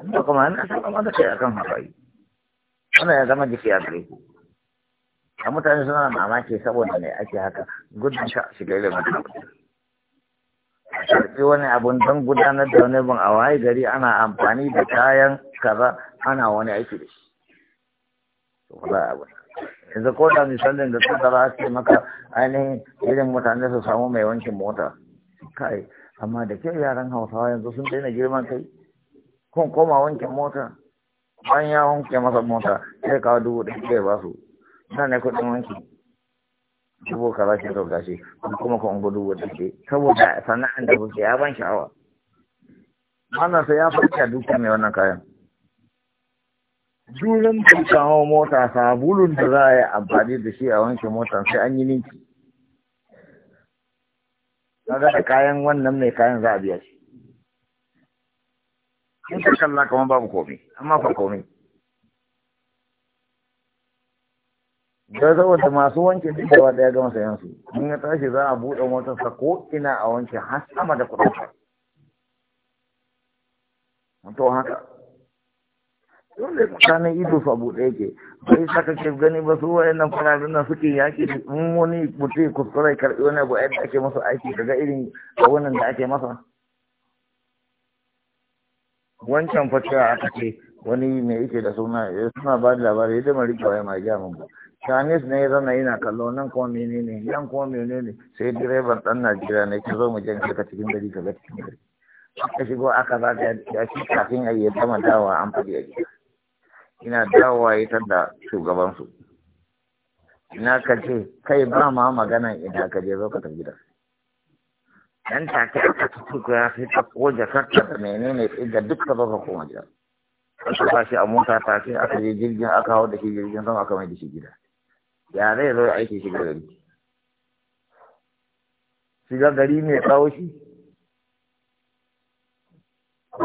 Amma kuma na san amma da kai akan haka wannan ya zama jiki a gare a mutane suna mamaki saboda ne ake haka gudun sha shiga da A karɓi wani abun don gudanar da wani abun a waye gari ana amfani da kayan kaza ana wani aiki da shi to abu yanzu ko da misalin da suka ra ce maka ainihin irin mutane su samu mai wankin mota kai amma da ke yaran hausawa yanzu sun daina girman kai kun koma wankin mota bayan ya wanke masa mota sai kawo dubu ɗaya zai ba su na ne kuɗin wanki dubu kaza ke sauka shi kuma ku ungo dubu ɗaya ce saboda sana'an da kuke ya ban sha'awa wannan sai ya a dukkan mai wannan kayan jurin da kawo mota sabulun da za a yi amfani da shi a wanke mota sai an yi ninki na da kayan wannan mai kayan za a biya shi in ka kalla kamar babu komai amma fa komai da saboda masu wanke duk da ga ya gama sayan su in ya tashi za a buɗe motarsa ko ina a wanke har sama da kuɗin to haka dole tsakanin ido su abu ɗaya ke bai saka ke gani ba su wayannan fararen nan suke yaƙi in wani mutum kuskure karɓi wani abu yadda ake masa aiki daga irin a wannan da ake masa wancan fata aka ce wani mai yake da suna ya eh, suna ba da labari yadda mai rikewa ya mai gya ba chinese ne ya zana yana kallo nan kuma menene yan kuma menene sai direban dan najeriya ne ka zo mu jan ka cikin gari ka ga cikin gari aka shigo aka za ta ya shi kafin a yi dama dawa an faɗi a gida ina dawowa ya da shugabansu ina ka ce kai ba ma magana ina ka je zo ka tafi gida dan take aka tuku ya sai ta koja karta da menene sai ga dukkan baka koma gida aka fashi a mota ta sai aka je jirgin aka hau da shi jirgin sama aka mai da shi gida ya zai zo aiki shiga gari shiga gari mai kawo shi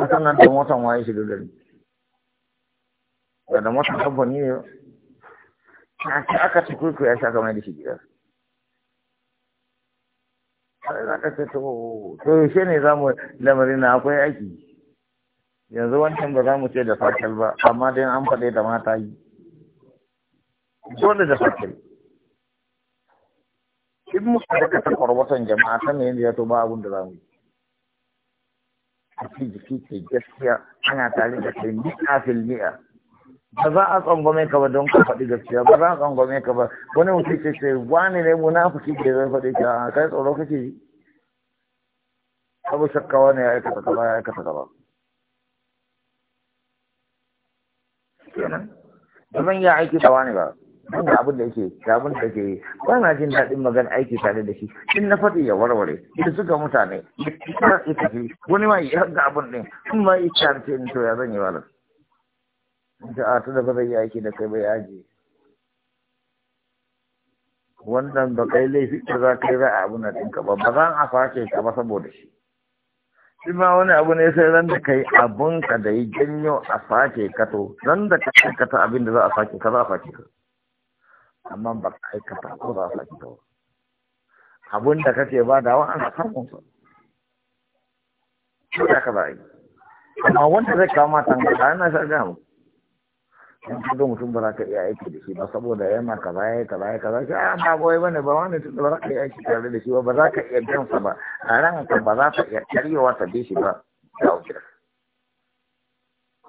sannan da motan waye shiga gari da da motan kamfani ne aka ya da shi gida sai za to yaushe ne lamarin na akwai aiki yanzu wancan ba za mu ce da fakil ba amma dai an faɗe da mata yi dole da fakil in muka da kata kwarwatan jama'a ta ne yadda to ba abin da za mu yi a fi jiki ke gaskiya ana tare da kai mi'a fil mi'a ba za a tsangwame ka ba don ka faɗi gaskiya ba za a tsangwame ka ba wani mutum ke ce wani ne munafiki ke zai faɗi ka kai tsoro kake ji abu shakka wani ya aikata gaba ya aikata kafa kenan ba zan iya aiki da wani ba ban da abin da yake da abin da yake yi ba na jin daɗin magana aiki tare da shi in na faɗi ya warware da suka mutane ya tafi wani ma ya ga abin ɗin in ma ya ce to ya zan yi walar da a ta da ba zai yi aiki da kai bai aji wannan ba kai laifi da za ka yi za a abin na ɗinka ba ba zan a face ka ba saboda shi shi ma wani abu ne sai ran da kai abun ka da yi janyo a face ka to ran da ka aikata abin da za a face ka za a face ka amma ba ka aikata ko za a face ka abin abun da kake ba da ana samun sa ko da ka ba yi amma wanda zai kama tangata yana sa gamu in ka ga mutum ba za ka iya aiki da shi ba saboda yana ka ya ka ya ka shi a ah, ba ba ne ba wani tun ba za ka iya aiki tare da shi ba ba za ka iya biyan sa ba a ran ka ba za ka iya karyewa ta bi shi ba ya wuce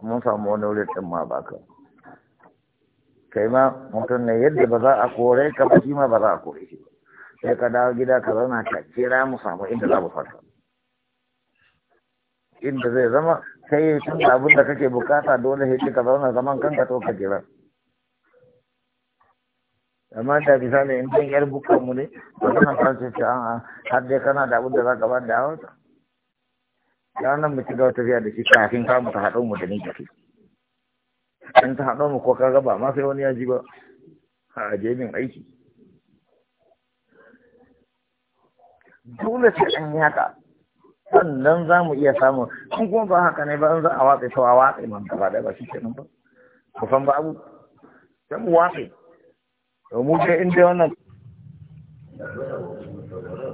mun samu wani wurin din ma ba ka kai ma mutum ne yadda ba za a kore ka ba shi ma ba za a kore shi ba sai ka dawo gida ka zauna ka kira mu samu inda za mu farka inda zai zama kai tun da abin da kake bukata dole sai kika zauna zaman kanka to ka jira amma da misali in dan yar bukan mu ne ba kana san ce ce a har dai kana da abin da zaka ba da hawa ya nan mu shiga wata da shi kafin ka mu ta haɗo mu da ni kafi in ta haɗo mu ko ka ga ba ma sai wani ya ji ba a je min aiki dole sai an yi haka sannan za mu iya samun in kuma ba haka ne ba in za a watsa ta, wa watsa man gaba da ba shi ke nan ba ku san ba abu sai mu watsa to mu ce in dai wannan ya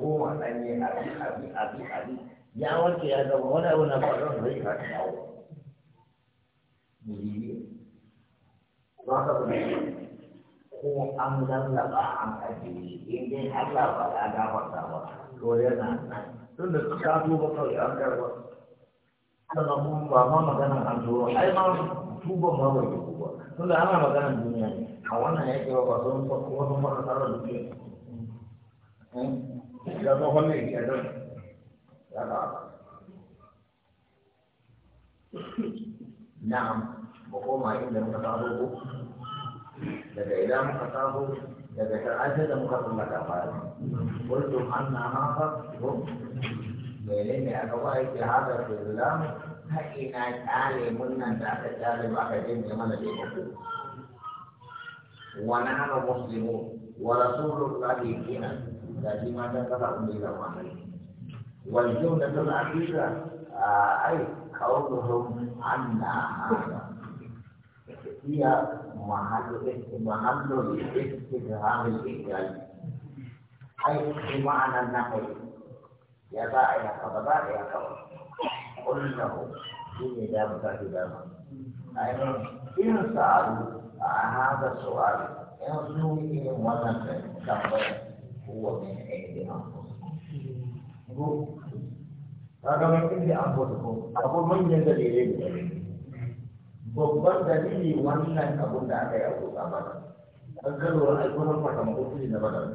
koma ɗanye a bi a bi a bi ya wuce ya gaba wani abu na faruwa zai ka kawo muriye ba ka kuma ko an lallaba an ajiye shi in dai Allah ba ya gafarta ba to yana nan tun da ka duba kawai an karba sannan kuma ba ma maganar an zo ai ma tuban ma bai yi ba tun da ana maganar duniya ne a wannan yake ba sun wasu fara tsara duniya ya zo نعم بقوم عين لم تقابوه لدى إلام قطابه لدى تأجد مقرر لك قال قلت أن ناقر هم لأن أقوائي في هذا في الظلام فإن أتعالي منا تأكد هذا الواحد من جمال الإمام ونعم مسلمون ورسول الله فينا لكن ما تقرأ من الله والجملة الأخيرة آه، أي قولهم أن هذا هي محل محل استفهام الإجابة أي بمعنى النقل يا باع يا خبر يا خبر قل له إني لا متعبد أيضا إن سألوا هذا السؤال يصلوا إليهم ولم هو من عند أنفسهم kaga mai inda an bota ko abu mun yin da dalilai ne babban dalili wannan abun da aka yi a kusa mana an kalwar aikunan fata ne na badar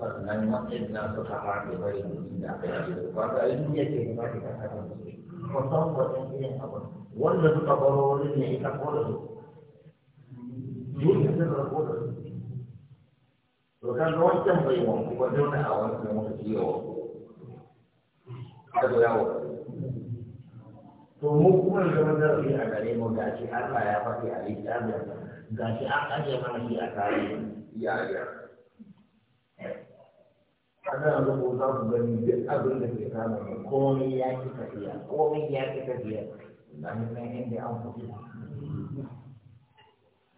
sannan ma matsayin na suka haɗe bari da aka yi a kusa ba yi duniya ke nema ke kasa da su kusan wajen irin abu wanda suka baro wani ne ya tako da su duniya sun rako da su to kan wancan bai wanku ba dole a wancan wata ciwo ka zo yawo to mu kuma zama zarafi a gare mu ga shi Allah ya faɗi a littafin ga shi a ajiye mana shi a tarihi ya ya ana rubu za ku gani duk abin da ke kama ne komai ya ki tafiya komai ya ki tafiya na nan inda an fito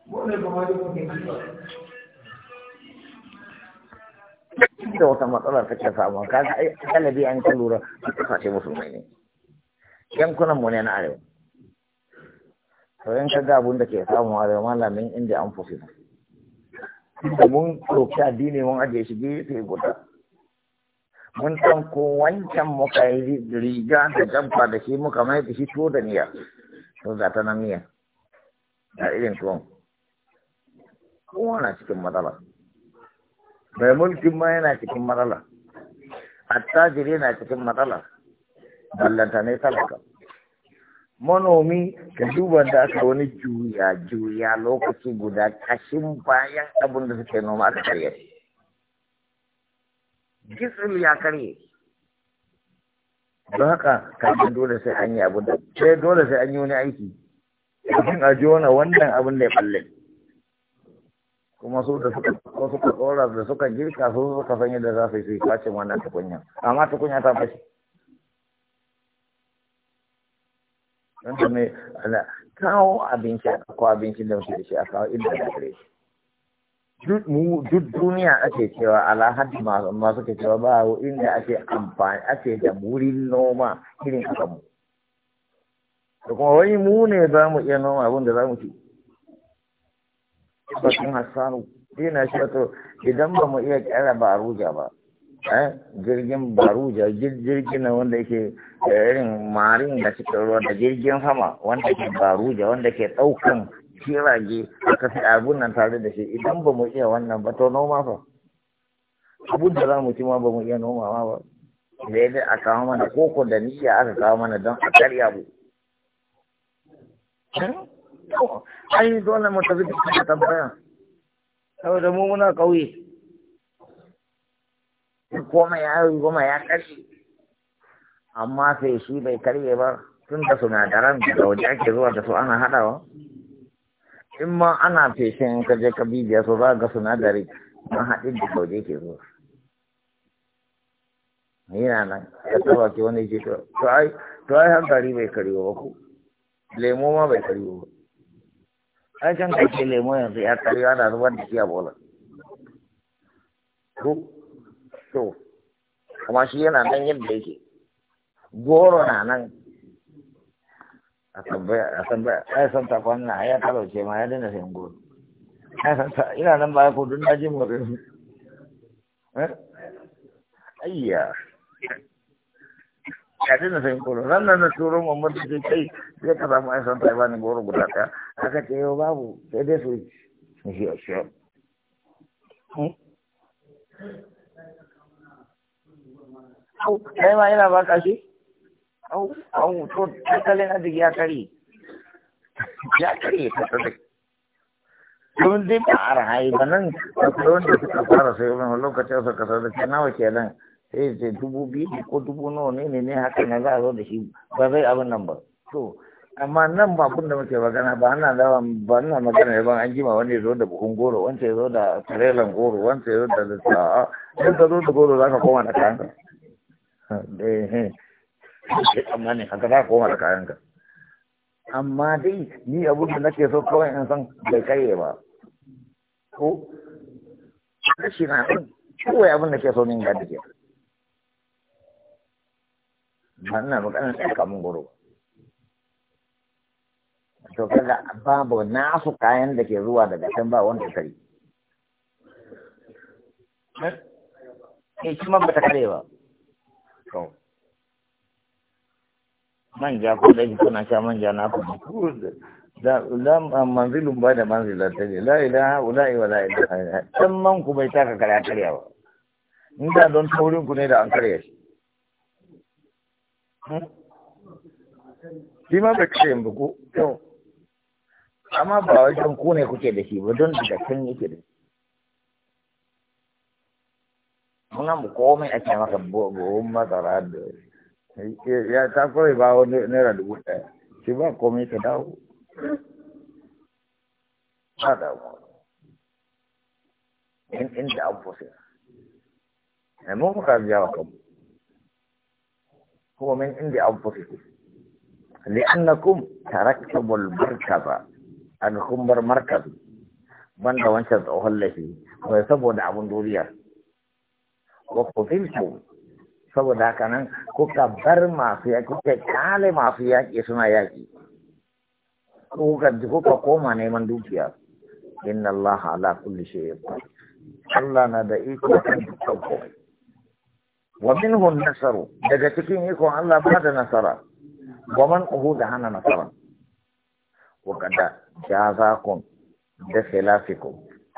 mu ne kuma duk mutum da wata matsala take samu kaga ai galibi an ka lura kasashe musulmai ne yankunan mu ne na arewa to yan ka ga abun da ke samu arewa malamin inda an fusi da mun roki addini mun aje shi gefe guda mun san ko wancan muka yi riga da jamfa da shi muka mai da shi to da niya to ga ta na miya da irin tuwon kowa na cikin matsala mai mulkin ma yana cikin matsala attajiri na cikin matsala ballanta ne talaka manomi ka duba da aka wani juya juya lokaci guda kashin bayan abin da suke noma aka karye gizul ya karye don haka kafin dole sai an yi abin da sai dole sai an yi wani aiki kafin a jona wannan abin da ya balle kuma su da suka ko suka tsora da suka girka su suka san yadda za su yi face wannan tukunya amma tukunya ta fashe don ta mai ana kawo abinci a kawo abincin da muke da shi a kawo inda da kare shi duk duniya ake cewa alahadi masu ke cewa ba inda ake amfani ake da wurin noma irin kamu da kuma wani mu ne za mu iya noma abin da za mu ci batun hassanu na shi wato idan ba mu iya kera baruja ba eh, jirgin baruja jirgin na wanda yake eh, irin marin da suke ruwa da jirgin sama wanda ke baruja wanda ke ɗaukan kirage aka fi abun nan tare da shi idan ba mu iya wannan ba to noma fa abun da za mu ci ma ba mu iya nomawa ba sai dai a kawo mana koko da niyya aka kawo mana don a karya mu hmm? to ai dole mu tafi da tambaya saboda mu muna ƙauye goma ya goma ya karye amma sai shi bai karye ba tun da sinadaran da waje ake zuwa da su ana haɗawa in ma ana feshin ka je ka bibiya su za ga sinadari na haɗin da waje ke zuwa yana nan ya taba ke wani ce to ai to ai hankali bai karyo ba ku lemo ma bai karyo ba ai can kake lemo yanzu ya karya ana zubar da shi a bola ko to kuma shi yana nan yadda yake goro na nan a tambaya a san ta na ya talauce ma ya dina sayan goro san ta ina nan baya ko dun na ji motsin eh? ayya na sai sayin goro nan na turo mamman da kai zai ka samu ainihin ta bani goro guda ɗaya aka ce yau babu sai dai su yi a shi hmm? au kai ma yana baka shi au au to tattalin arziki ya kare ya kare tattalin kun dai ba a rahayi ba nan da kudin da suka fara sayo lokacin suka sarrafa nawa nan sai ce dubu biyu ko dubu nawa ne ne ne haka na za a zo da shi ba zai abin nan ba to amma nan ba kun da muke magana ba ana da ba ana magana ba an jima wani ya zo da buhun goro wanda ya zo da tarelan goro wanda ya zo da lissa'a in ka zo da goro za ka koma da kayanka eh, eh. amma ne haka za ka koma da kayanka amma dai ni abin da nake so kawai in san bai kai ba ko rashin abin kawai abin da ke so ne ga da ke ba ina maganar ɗan kamun goro to kaga babu nasu kayan da ke zuwa daga can ba wanda kare eh kuma ba ta kare ba to manja ko da kuna sha manja na ku da manzilun ba da manzilar ta ne la ilaha ula'i wa la ilaha illa man ku bai taka karya karya ba in da don taurin ku ne da an karya shi shi ma bai ce ba ko yau amma ba wajen ku ne kuke da shi ba don daga can yake da shi muna mu komai ake maka buhun masara da ya ta kawai ba wani naira dubu ɗaya shi ba komai ka dawo ba damuwa in inda an fusa ne mun ka biya wa kanmu Wa min inɗi an fusuke? Ni an na kuma. Tarakta bol barka ba. An kun bar marka bi. Ban ta wanke da ta hollafi. Me saboda abin ɗo biya su. Wakkati ko saboda hakanan kuka bar masu yaki, kuka kare masu yaki, isuna yaki. Kuka komanai Mandu biya su. Inda ala kullishe ya fara. Allah na da iko kuma ina wa minhum nasaru daga cikin ikon Allah ba da nasara wa man da hana nasara wa kada ku da filafiku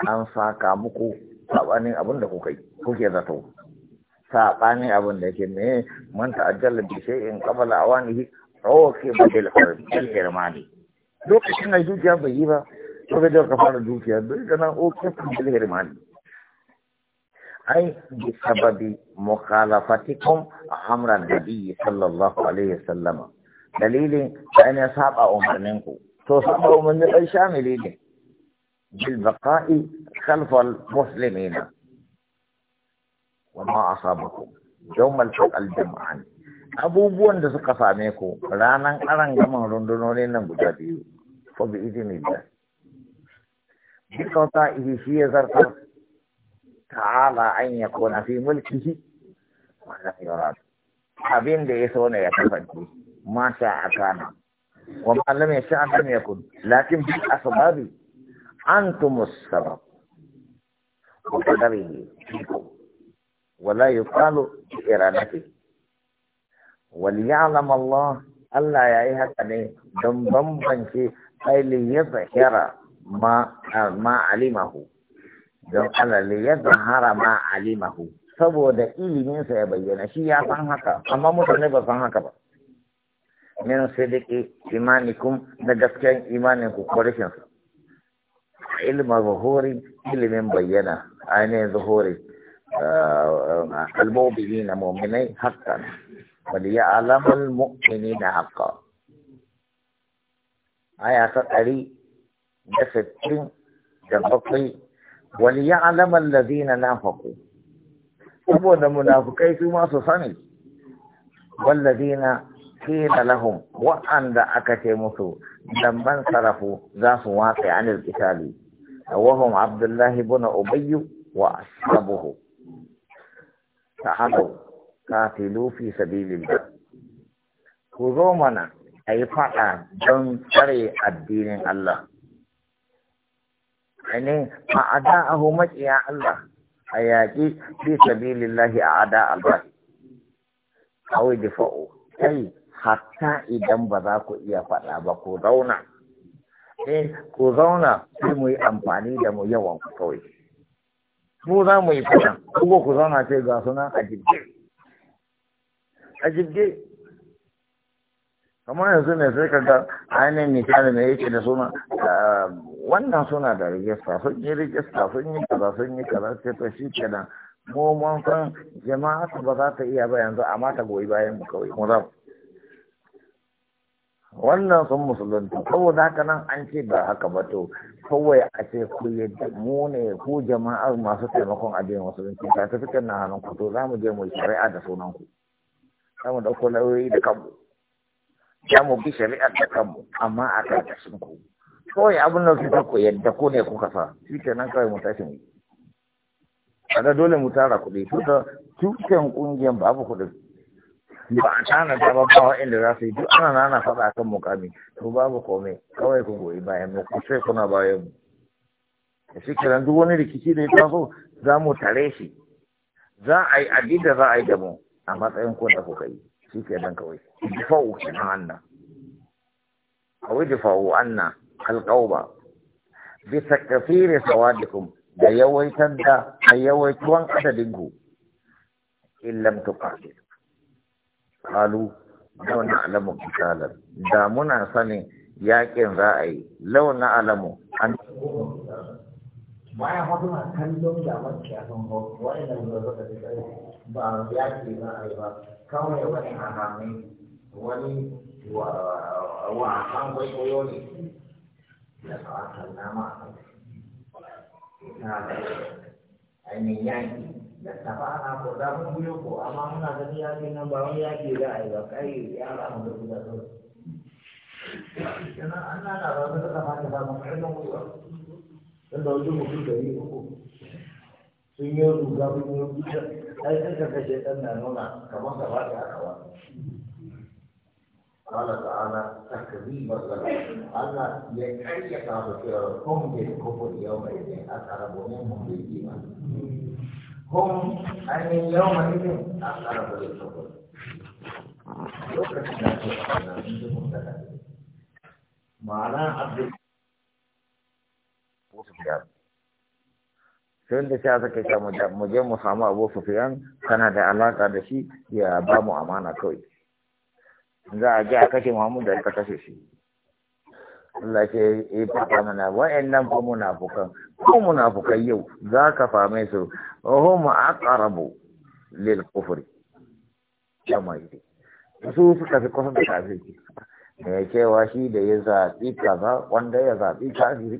an saka muku sabanin abin da kuka kuke zato sabanin abin da yake me man ajalla bi in qabala awanihi rawaki bil hirmani lokacin da dukiya bai yi ba to bai da ka fara dukiya o ai bi sababi mukhalafatikum amran nabi sallallahu alaihi wasallam dalilin da ne saba umarnin ku to saba umarnin dai shamili ne bil baqa'i khalf al muslimina wa ma asabakum yawm al al jam'an abubuwan da suka same ku ranan aran gaman rundunonin nan guda biyu fa bi idinillah bi ihi shi ya zartar ta'ala an yakuna fi mulkihi wa la yurad abin da ya so ne ya kasance ma sha akana wa ma lam yasha lam yakun lakin bi asbabi antum as-sabab wa qadarihi wa la yuqalu iranati وليعلم الله Allah ya yi haka ne don bambance ailin ya zahira ma alimahu don Allah ne ya zahara ma alimahu saboda iliminsa ya bayyana shi ya san haka amma mutane ba san haka ba min sadiqi imanikum da gaskiyan imanin ku korishin sa ilma zuhuri ilimin bayyana aine zuhuri ah, almobili na mominai hakan wani ya alamar mu'mini na haka aya ta ɗari da sittin da bakwai wal ya'lam allazina nafaqu saboda munafukai su ma su sani wallazina qila lahum wa'anda aka ce musu dan ban sarafu za su watsa anil qitali wahum abdullahi ibn ubayyu wa ashabuhu ta'alu qatilu fi sabilillah ku zo mana ayi faɗa don tsare addinin Allah ainihin a ada'ahu maƙiya Allah a yaƙi fi sabilillahi a ada Allah kawai fa’o, kai hatta idan ba za ku iya faɗa ba ku zauna eh ku zauna sai mu yi amfani da mu yawan ku kawai mu za mu yi fita kuma ku zauna ce ga sunan a jibge a jibge kamar yanzu ne sai ka ga ainihin misali mai yake da suna ah, wannan suna da rijista sun yi rijista sun yi kaza sun yi kaza sai ta shi kenan mu mun san jama'a ba za ta iya ba yanzu amma ta goyi bayan mu kawai mu za wannan sun musulunta saboda haka nan an ce ba haka ba to kawai a ce ku yadda mu ne ku jama'ar masu taimakon addinin musulunci ta ta fitar na hannun ku to za mu je mu shari'a da sunan ku za mu ɗauko lauyoyi da kanmu za mu bi shari'a da kanmu amma a ƙarƙashin ku kawai abin da kuka ku yadda ko ne kuka sa shi kenan kawai mu tashi mu kada dole mu tara kuɗi su da tuken ƙungiyar babu kuɗi ba a tana ta ba waɗanda za su yi duk ana nana faɗa kan mukami to babu kome kawai ku goyi bayan mu ku sai kuna bayan mu da shi kenan duk wani rikici da ya taso za mu tare shi za a yi abin da za a yi da mu a matsayin ko da kuka yi shi kenan kawai difa'u kenan annan kawai difa'u annan alƙauma bisa kafirin sawadikum da yawaitan da a yawaituwan adadinku illam tuqatil qalu law na'lamu qitalan da muna sanin yakin za a yi law na'lamu an baya hotuna kallon da wacce a kan hau wani da suka fi tsaye ba yaki za a yi ba kawai wani a hannun wani wa a kan kwaikwayo ne da fatan nama ainihin yaƙi da tafana ko da mun biyo ko amma muna ganin yaƙi nan ba wani yaƙi za a yi ba kai yara mu da su da su kenan an nana ba su da fata ba mun kai mun kuwa da wajen mutum da yi uku sun yi ruga sun yi ai sun ka kashe ɗan na kamar ka ba ta Allah Ta'ala takdim masalah. Allah ya kaya kamu kira hukum yang kufur yau mereka akan boleh memiliki mana? Hukum ini yau mereka akan boleh kufur. Yo kerana itu adalah itu mudah. Mana abdul? Bukan. Sun da siyasa kai samu da muje mu samu Abu Sufyan kana da alaka da shi ya ba amana kai. za a ji a kashe Muhammadu da ka kashe shi Allah ce ya eh, faɗa mana wa'annan fa munafukan ko munafukan yau za ka fame su hum aqrabu lil kufri kama yake su suka fi kusa da kafirci mai cewa shi da ya zaɓi kaza wanda ya zaɓi kafiri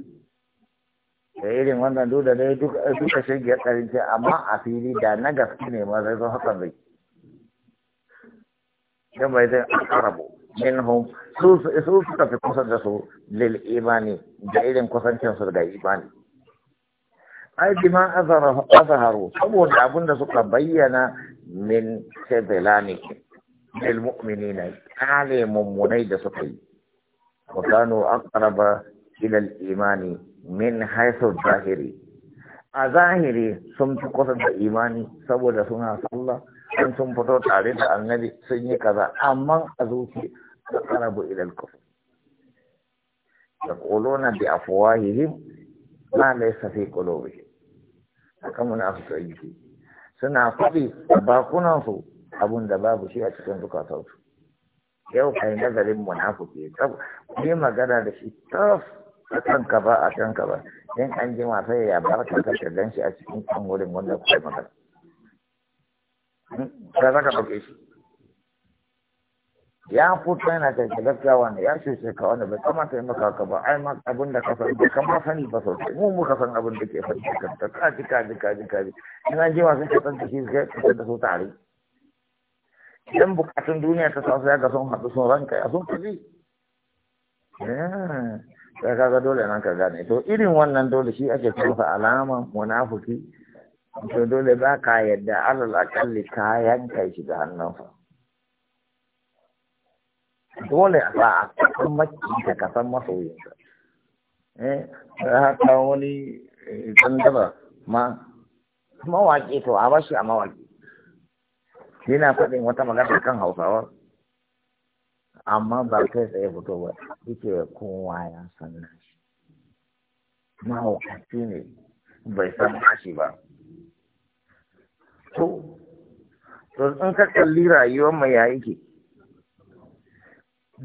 da irin wannan duk da dai duka shigiyar ɗarin ce amma a fili da na gaske ne ma zai zo hakan zai da bai zai arabu min su su suka fi kusa da su lil imani da irin kusancinsu da imani ai bima azharu saboda abin da suka bayyana min sabilani lil mu'minina kale mummunai da suka yi wa kanu aqraba ila al imani min haythu zahiri a zahiri sun fi kusa da imani saboda suna sallah in sun fito tare da annabi sun yi kaza amma a zuci da karabu ilal kufr yaquluna bi afwahihim ma laysa fi qulubihim haka yi yake suna faɗi a bakunansu abun da babu shi a cikin sautu. yau kai nazarin munafiki tsab yi magana da shi tsaf a kanka ba a kanka ba in an jima sai ya barka ta gan shi a cikin kan wurin wanda kuka magana sai ka shi ya fito yana kai ka gaskiya wanda ya ce ka wanda bai kamata yin maka ka ba ai ma abin da ka san ba kan ma sani ba sosai mu muka san abin da ke faɗi kan ta kaji kaji kaji kaji ina ji masu ka san kashi ka fitar da su tare idan bukatun duniya ta sa ya ga sun haɗu sun ranka ya sun kaji ya eh, ka ga dole nan ka gane to irin wannan dole shi ake kansa alaman munafuki to dole ba ka yadda alal akalli ka yanka shi da hannunsa dole a a kan makinka ka san masoyinsa. eh haka wani eh, dan ma mawaƙi to a bashi a mawaƙi yana faɗin wata magana kan hausawa amma ba kai tsaye fito ba yake kowa ya san nashi mahaukaci ne bai san nashi ba to to in ka kalli rayuwar mai yayi ke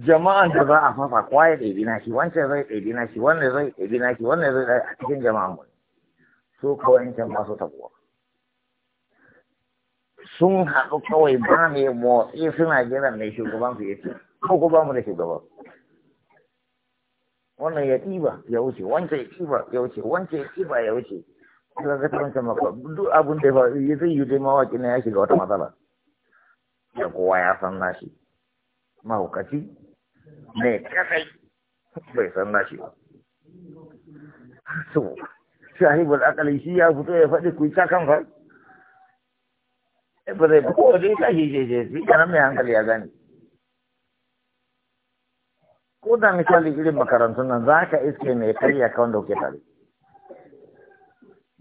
jama'a da za a fafa ya ɗabi na shi wancan zai ɗabi na shi wannan zai ɗabi na shi wannan zai ɗabi a cikin jama'a. mu so kawai can masu tabuwa sun haɗu kawai ba mai motsi suna jiran mai shugaban su ya ce ko ko ba mu da shugaban wannan ya ɗiba ya wuce wancan ya ɗiba ya wuce wancan ya ɗiba ya wuce za ka taɓa maka duk abin da ya yi ya zai yi dai mawaki na ya shiga wata matsala Ya kowa ya san nashi mahaukaci ne kasai bai san nashi ba so shahibul akali shi ya fito ya faɗi ku ta kan fa ba zai ko dai ta shi je je shi kana mai hankali ya gani ko da misali irin makarantun nan za ka iske mai karya kawai da kuke tare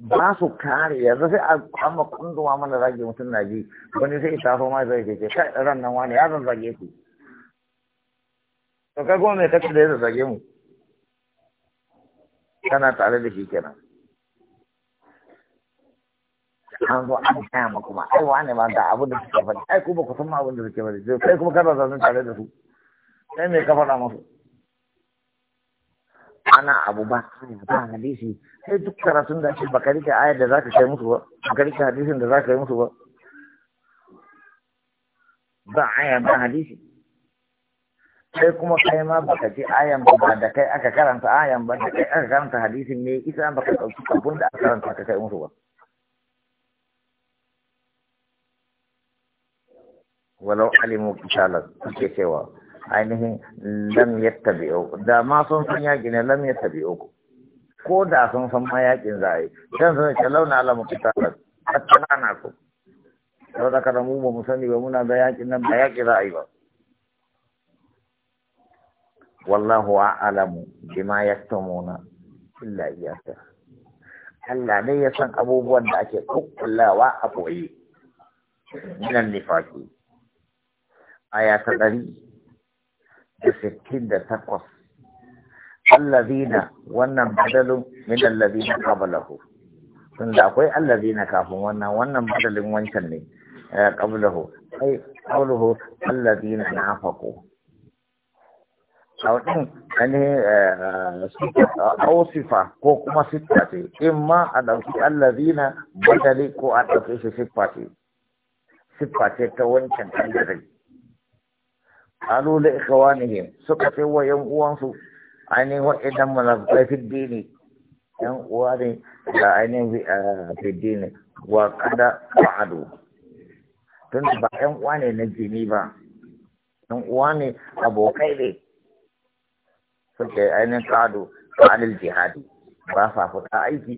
ba su kare yanzu sai a kama kunduma mana zage mutum na ji wani sai ita so ma zai ce kai ran nan wani ya zan zage ku to kai kuma mai kake da ya zage mu kana tare da shi kenan an zo an kaya ma kuma ai wane ma da abin da suke faɗi ai ku ba ku san ma abin da suke faɗi sai kuma kana zaune tare da su sai mai ka faɗa musu ana abu ba ba hadisi sai duk karatun da ake baka rike ayar da zaka kai musu ba baka rike hadisin da zaka kai musu ba ba aya ba hadisi sai kuma kai ma baka ji ayan ba ba da kai aka karanta ayan ba da kai aka karanta hadisin ne isa baka ɗauki abun da aka karanta ka kai musu ba walau alimu kitalar suke cewa ainihin lam uku da ma sun san yaƙi ne lam uku ko da sun san ma yaƙin za a yi dan sun ce launa ala mu kitalar tattala na ku sau da kada mu ba mu sani ba muna da yaƙin nan ba yaƙi za a yi ba wallahu a'lamu bima yaktumuna illa ta Allah ne ya san abubuwan da ake kukkullawa a boye minan nifaki aya ta ɗari da sittin da takwas allazina wannan badalin min allazina qablahu tun da akwai allazina kafin wannan wannan badalin wancan ne eh, qablahu ai qawluhu allazina nafaqu sautin ne eh, ausifa ko kuma sifa ce in ma a ɗauki allazina badali ko a ɗauki shi sifa ce sifa ce ta wancan ɗan da rai alu da ikawanihim suka ce wa yan uwansu ainihin wa'idan munafiqai fi dini yan uwa ne da ainihin fi eh, dini wa kada fa'adu tun ba yan uwa ne na jini ba yan uwa ne abokai ne suke ainihin kado fa'alil jihadi ba sa fita aiki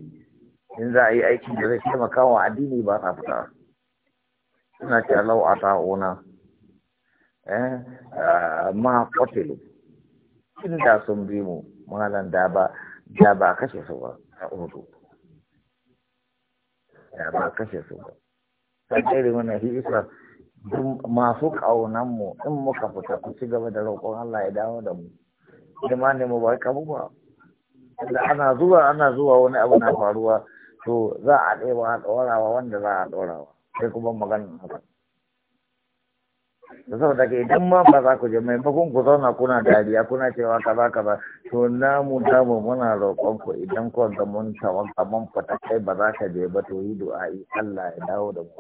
in za a yi aiki da zai taimaka wa addini ba sa fita suna ce Allah a ta'una Eh? Ah, ma fatilu da sun bi mu malan da ba da ba kashe su ba a hudu da ba kashe su ba sai dai mana hisa masu kaunan mu in muka fita ku ci gaba da roƙon Allah ya dawo da mu ne mu ba kamu ba da ana zuwa ana zuwa wani abu na faruwa to za a ɗewa a ɗorawa wanda za a ɗorawa sai kuma magana haka da saboda ke idan ma ba za ku je maimakon ku zauna kuna dariya kuna cewa kaza kaza to namu mu muna roƙon ku idan ku ga mun tawon kaman fata kai ba za ka je ba to yi yi Allah ya dawo da mu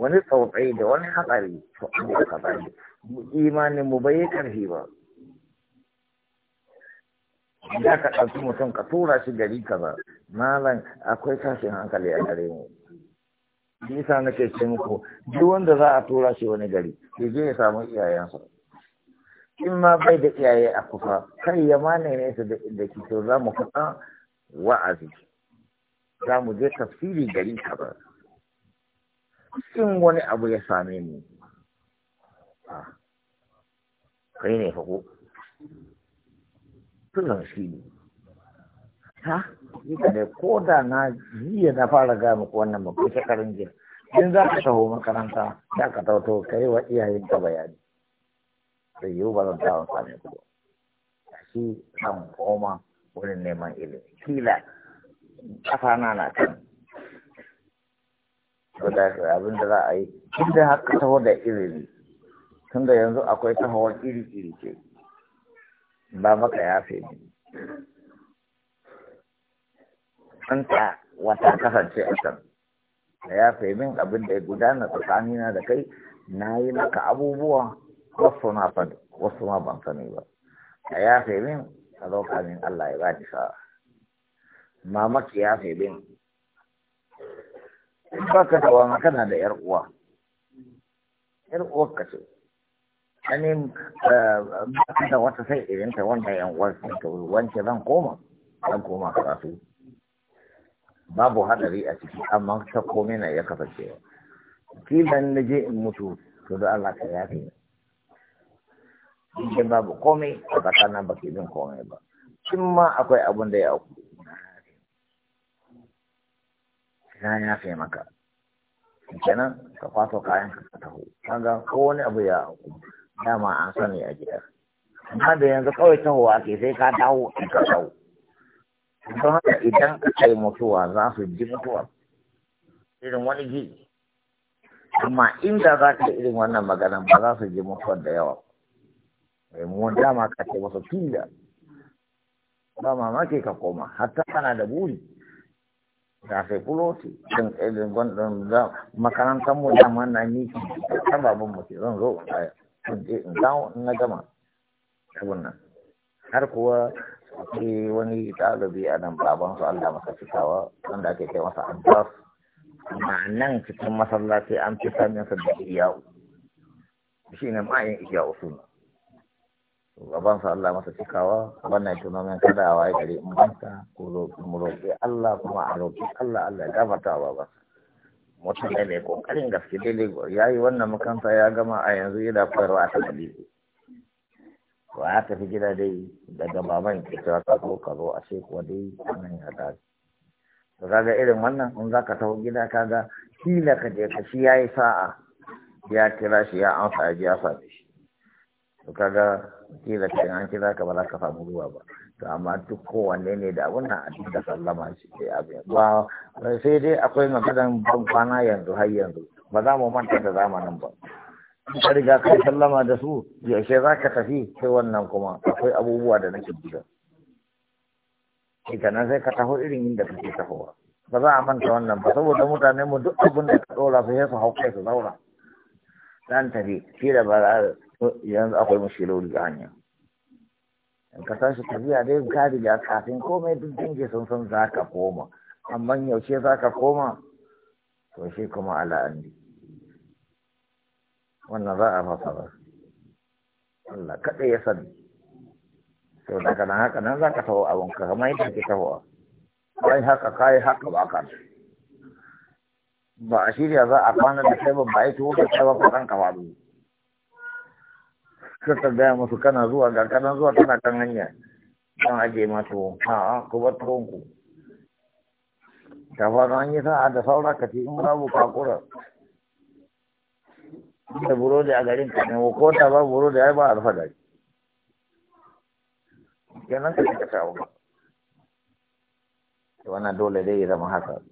wani tsautsayi da wani hatsari to an da kaza Mu imanin mu bai karfi ba idan ka ɗauki mutum ka tura shi gari kaza malam akwai tashin hankali a gare mu na na ce muku duk wanda za a tura shi wani gari ke je ya samu iyayensa in ma bai da iyaye a kufa kai ya ma ne su da inda ki to za mu faɗa wa'azi za mu je tafsiri gari kaza in wani abu ya same mu ah, kai ne fako tunan shi ne ha ita ne ko da na jiya na fara gaya muku wannan ba ko shekarun jiya in za ka shaho makaranta ya ka tauto ka yi wa ta bayani sai yau ba zan tawon same ku a shi san koma wurin neman ilimi kila kafa na na kan Ko da abin da za a yi tun da haka taho da ilimi tun da yanzu akwai tahowar iri-iri ce ba maka ya fi ne tsanta wata kasance a can da ya min abin da ya gudana tsakanina da kai na yi maka abubuwa wasu na sani wasu ma ban sani ba da ya min a lokacin min Allah ya bani sa mamaki ya min in ba ka tawa kana da yar uwa yar uwa ka ce ganin eh, ba ka da wata sai ta wanda yan ta ka wance zan koma zan koma karatu babu hadari a ciki amma ta komai na kafa kasancewa kila na je in mutu to da Allah ka yafe in babu komai a tsakanin ba ke bin komai ba Shin ma akwai abin da ya auku na yafe maka kenan ka kwato kayan ka taho kaga ko wani abu ya auku dama an sani a gida amma da yanzu kawai ta taho ake sai ka dawo in ka dawo don haka idan aka yi mutuwa za su ji mutuwa irin wani ji amma inda za ka irin wannan magana ba za su ji mutuwa da yawa mai eh, muwan dama ka ce wasu tunda ba mamaki ka koma hatta kana da buri da sai kuloti don irin gwandon da makarantar mu dama na niki da sababin mutu zan zo in tsaya in na gama abun nan har kuwa akwai wani ɗalibi a nan baban su Allah masa cikawa wanda ake kai masa Abbas amma nan cikin masallaci an fi sanin sa da iyawu shi ne ma'ayin iyawu suna Baban su Allah masa cikawa wannan tunanin kada wa gari in banka ko mu roƙi Allah kuma a roƙi Allah Allah ya gafarta wa baban mutum ne mai kokarin gaske daidai ya yi wannan makanta ya gama a yanzu yana koyarwa a kan ko ya tafi gida dai daga baban ke cewa ka zo ka zo a ce kuwa dai wannan ya tafi to kaga irin wannan in za ka taho gida kaga kila ka je ka shi ya yi sa'a ya kira shi ya amsa ya ji ya shi to kaga kila ka an kira ka ba za ka samu ruwa ba to amma duk kowanne ne da abun nan a da sallama shi sai abin ba sai dai akwai maganan ban kwana yanzu har yanzu ba za mu manta da zamanin ba ka riga kai sallama da su yaushe za ka tafi sai wannan kuma akwai abubuwa da nake gida nan sai ka taho irin inda kake tahowa ba za a manta wannan ba saboda mutane mu duk abin da ka dora su sai su hau kai su zaura dan tafi shi da ba yanzu akwai mushiloli a hanya in ka tashi tafiya dai ka riga kafin komai duk dangi sun san za ka koma amma yaushe za ka koma to shi kuma ala'andi wannan za a masa ba Allah kaɗai ya sani sau da nan haka nan za ka taho abin ka kamar yadda ke tahowa bayan haka kayi haka ba ka ba a shirya za a kwana da kai ba yi tuwo da kai ba ka san ka faɗo suka gaya musu kana zuwa ga kana zuwa tana kan hanya don aje ma tuwo a ku bar tuwon ku da fara an yi sa'a da saura ka ce in babu kakura da burodi a garin ka ne ko ta ba burodi ai ba alfa gari kenan ka ka tawo wannan dole dai ya zama haka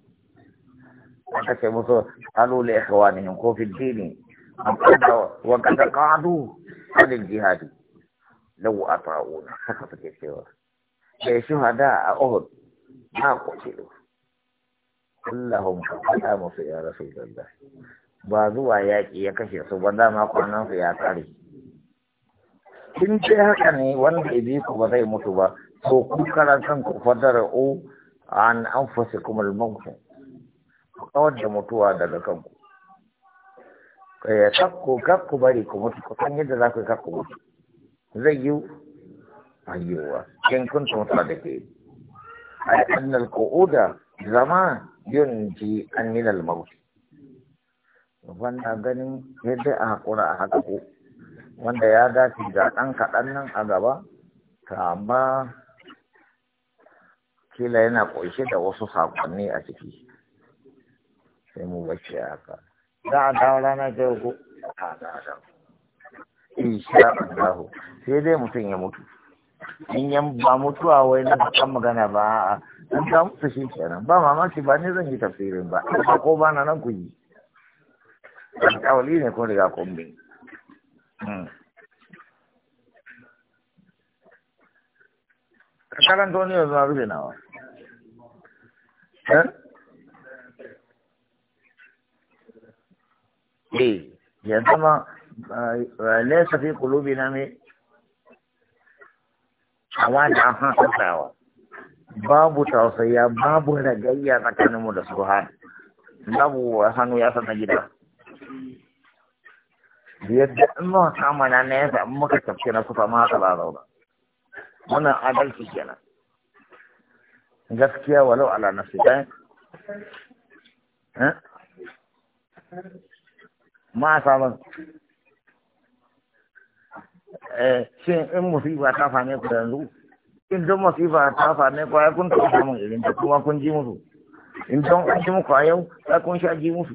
aka ce musu halu li ikhwanihim ko fi dini wa kad qadu an jihadi law ata'una haka take cewa sai shuhada a Uhud na ko ce Allahumma ka faɗa musu ya Rasulullah ba zuwa yaƙi ya kashe su ba dama kwanansu ya tsare Kin ce haka ne wanda ibi ku ba zai mutu ba to ku karan ku fadara u an anfusi kuma almautu ku kawar da mutuwa daga kanku eh, kakku kakku bari ku mutu ku san yadda za ku kakku mutu zai yi ayyuwa kin kun tunta da ke yi annal qu'uda zama ji an min al wanda ganin yadda a haƙura a haka ko wanda ya dace ga ɗan kaɗan nan a gaba Ta amma, kila yana ƙunshe da wasu saƙonni a ciki sai mu bace a haka za a dawo rana ta yau ko a da insha allahu. sai dai mutum ya mutu in yan ba mutuwa wai na kan magana ba a an ta mutu shi kenan ba mamaki ba ne zan yi tafsirin ba ko ba na nan ku yi alƙawali ne ko riga kun bi hmm. karanta wani yanzu na rufe nawa eh? eh ya zama eh, laisa fi kulubi na mai hawa da an hasasawa babu tausayya babu ragayya tsakaninmu da su hannu babu hannu ya san na gida yadda in mun kama na ne yasa in muka tafke na kusa ma haka ba muna adalci kenan gaskiya walau ala su ɗaya eh? ma sabon eh shin in musiba ta fane ku yanzu in don masifa ta same ku ya kun tafi samun irin ta kuma kun ji musu in don kun ji muku a yau ya kun sha ji musu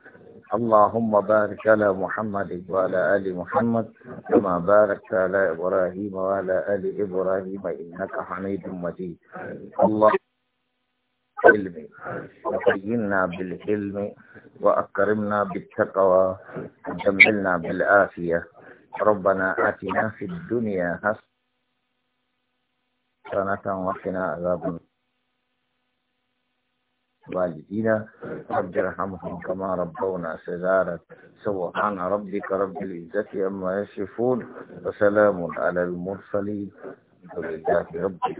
اللهم بارك على محمد وعلى آل محمد كما باركت على إبراهيم وعلى آل إبراهيم إنك حميد مجيد الله علم وزينا بالعلم وأكرمنا بالتقوى وجملنا بالعافية ربنا آتنا في الدنيا حسنة وقنا عذاب النار والدينا رب ارحمهم كما ربونا صغارا سبحان ربك رب العزة أما يصفون وسلام على المرسلين الحمد لله رب العالمين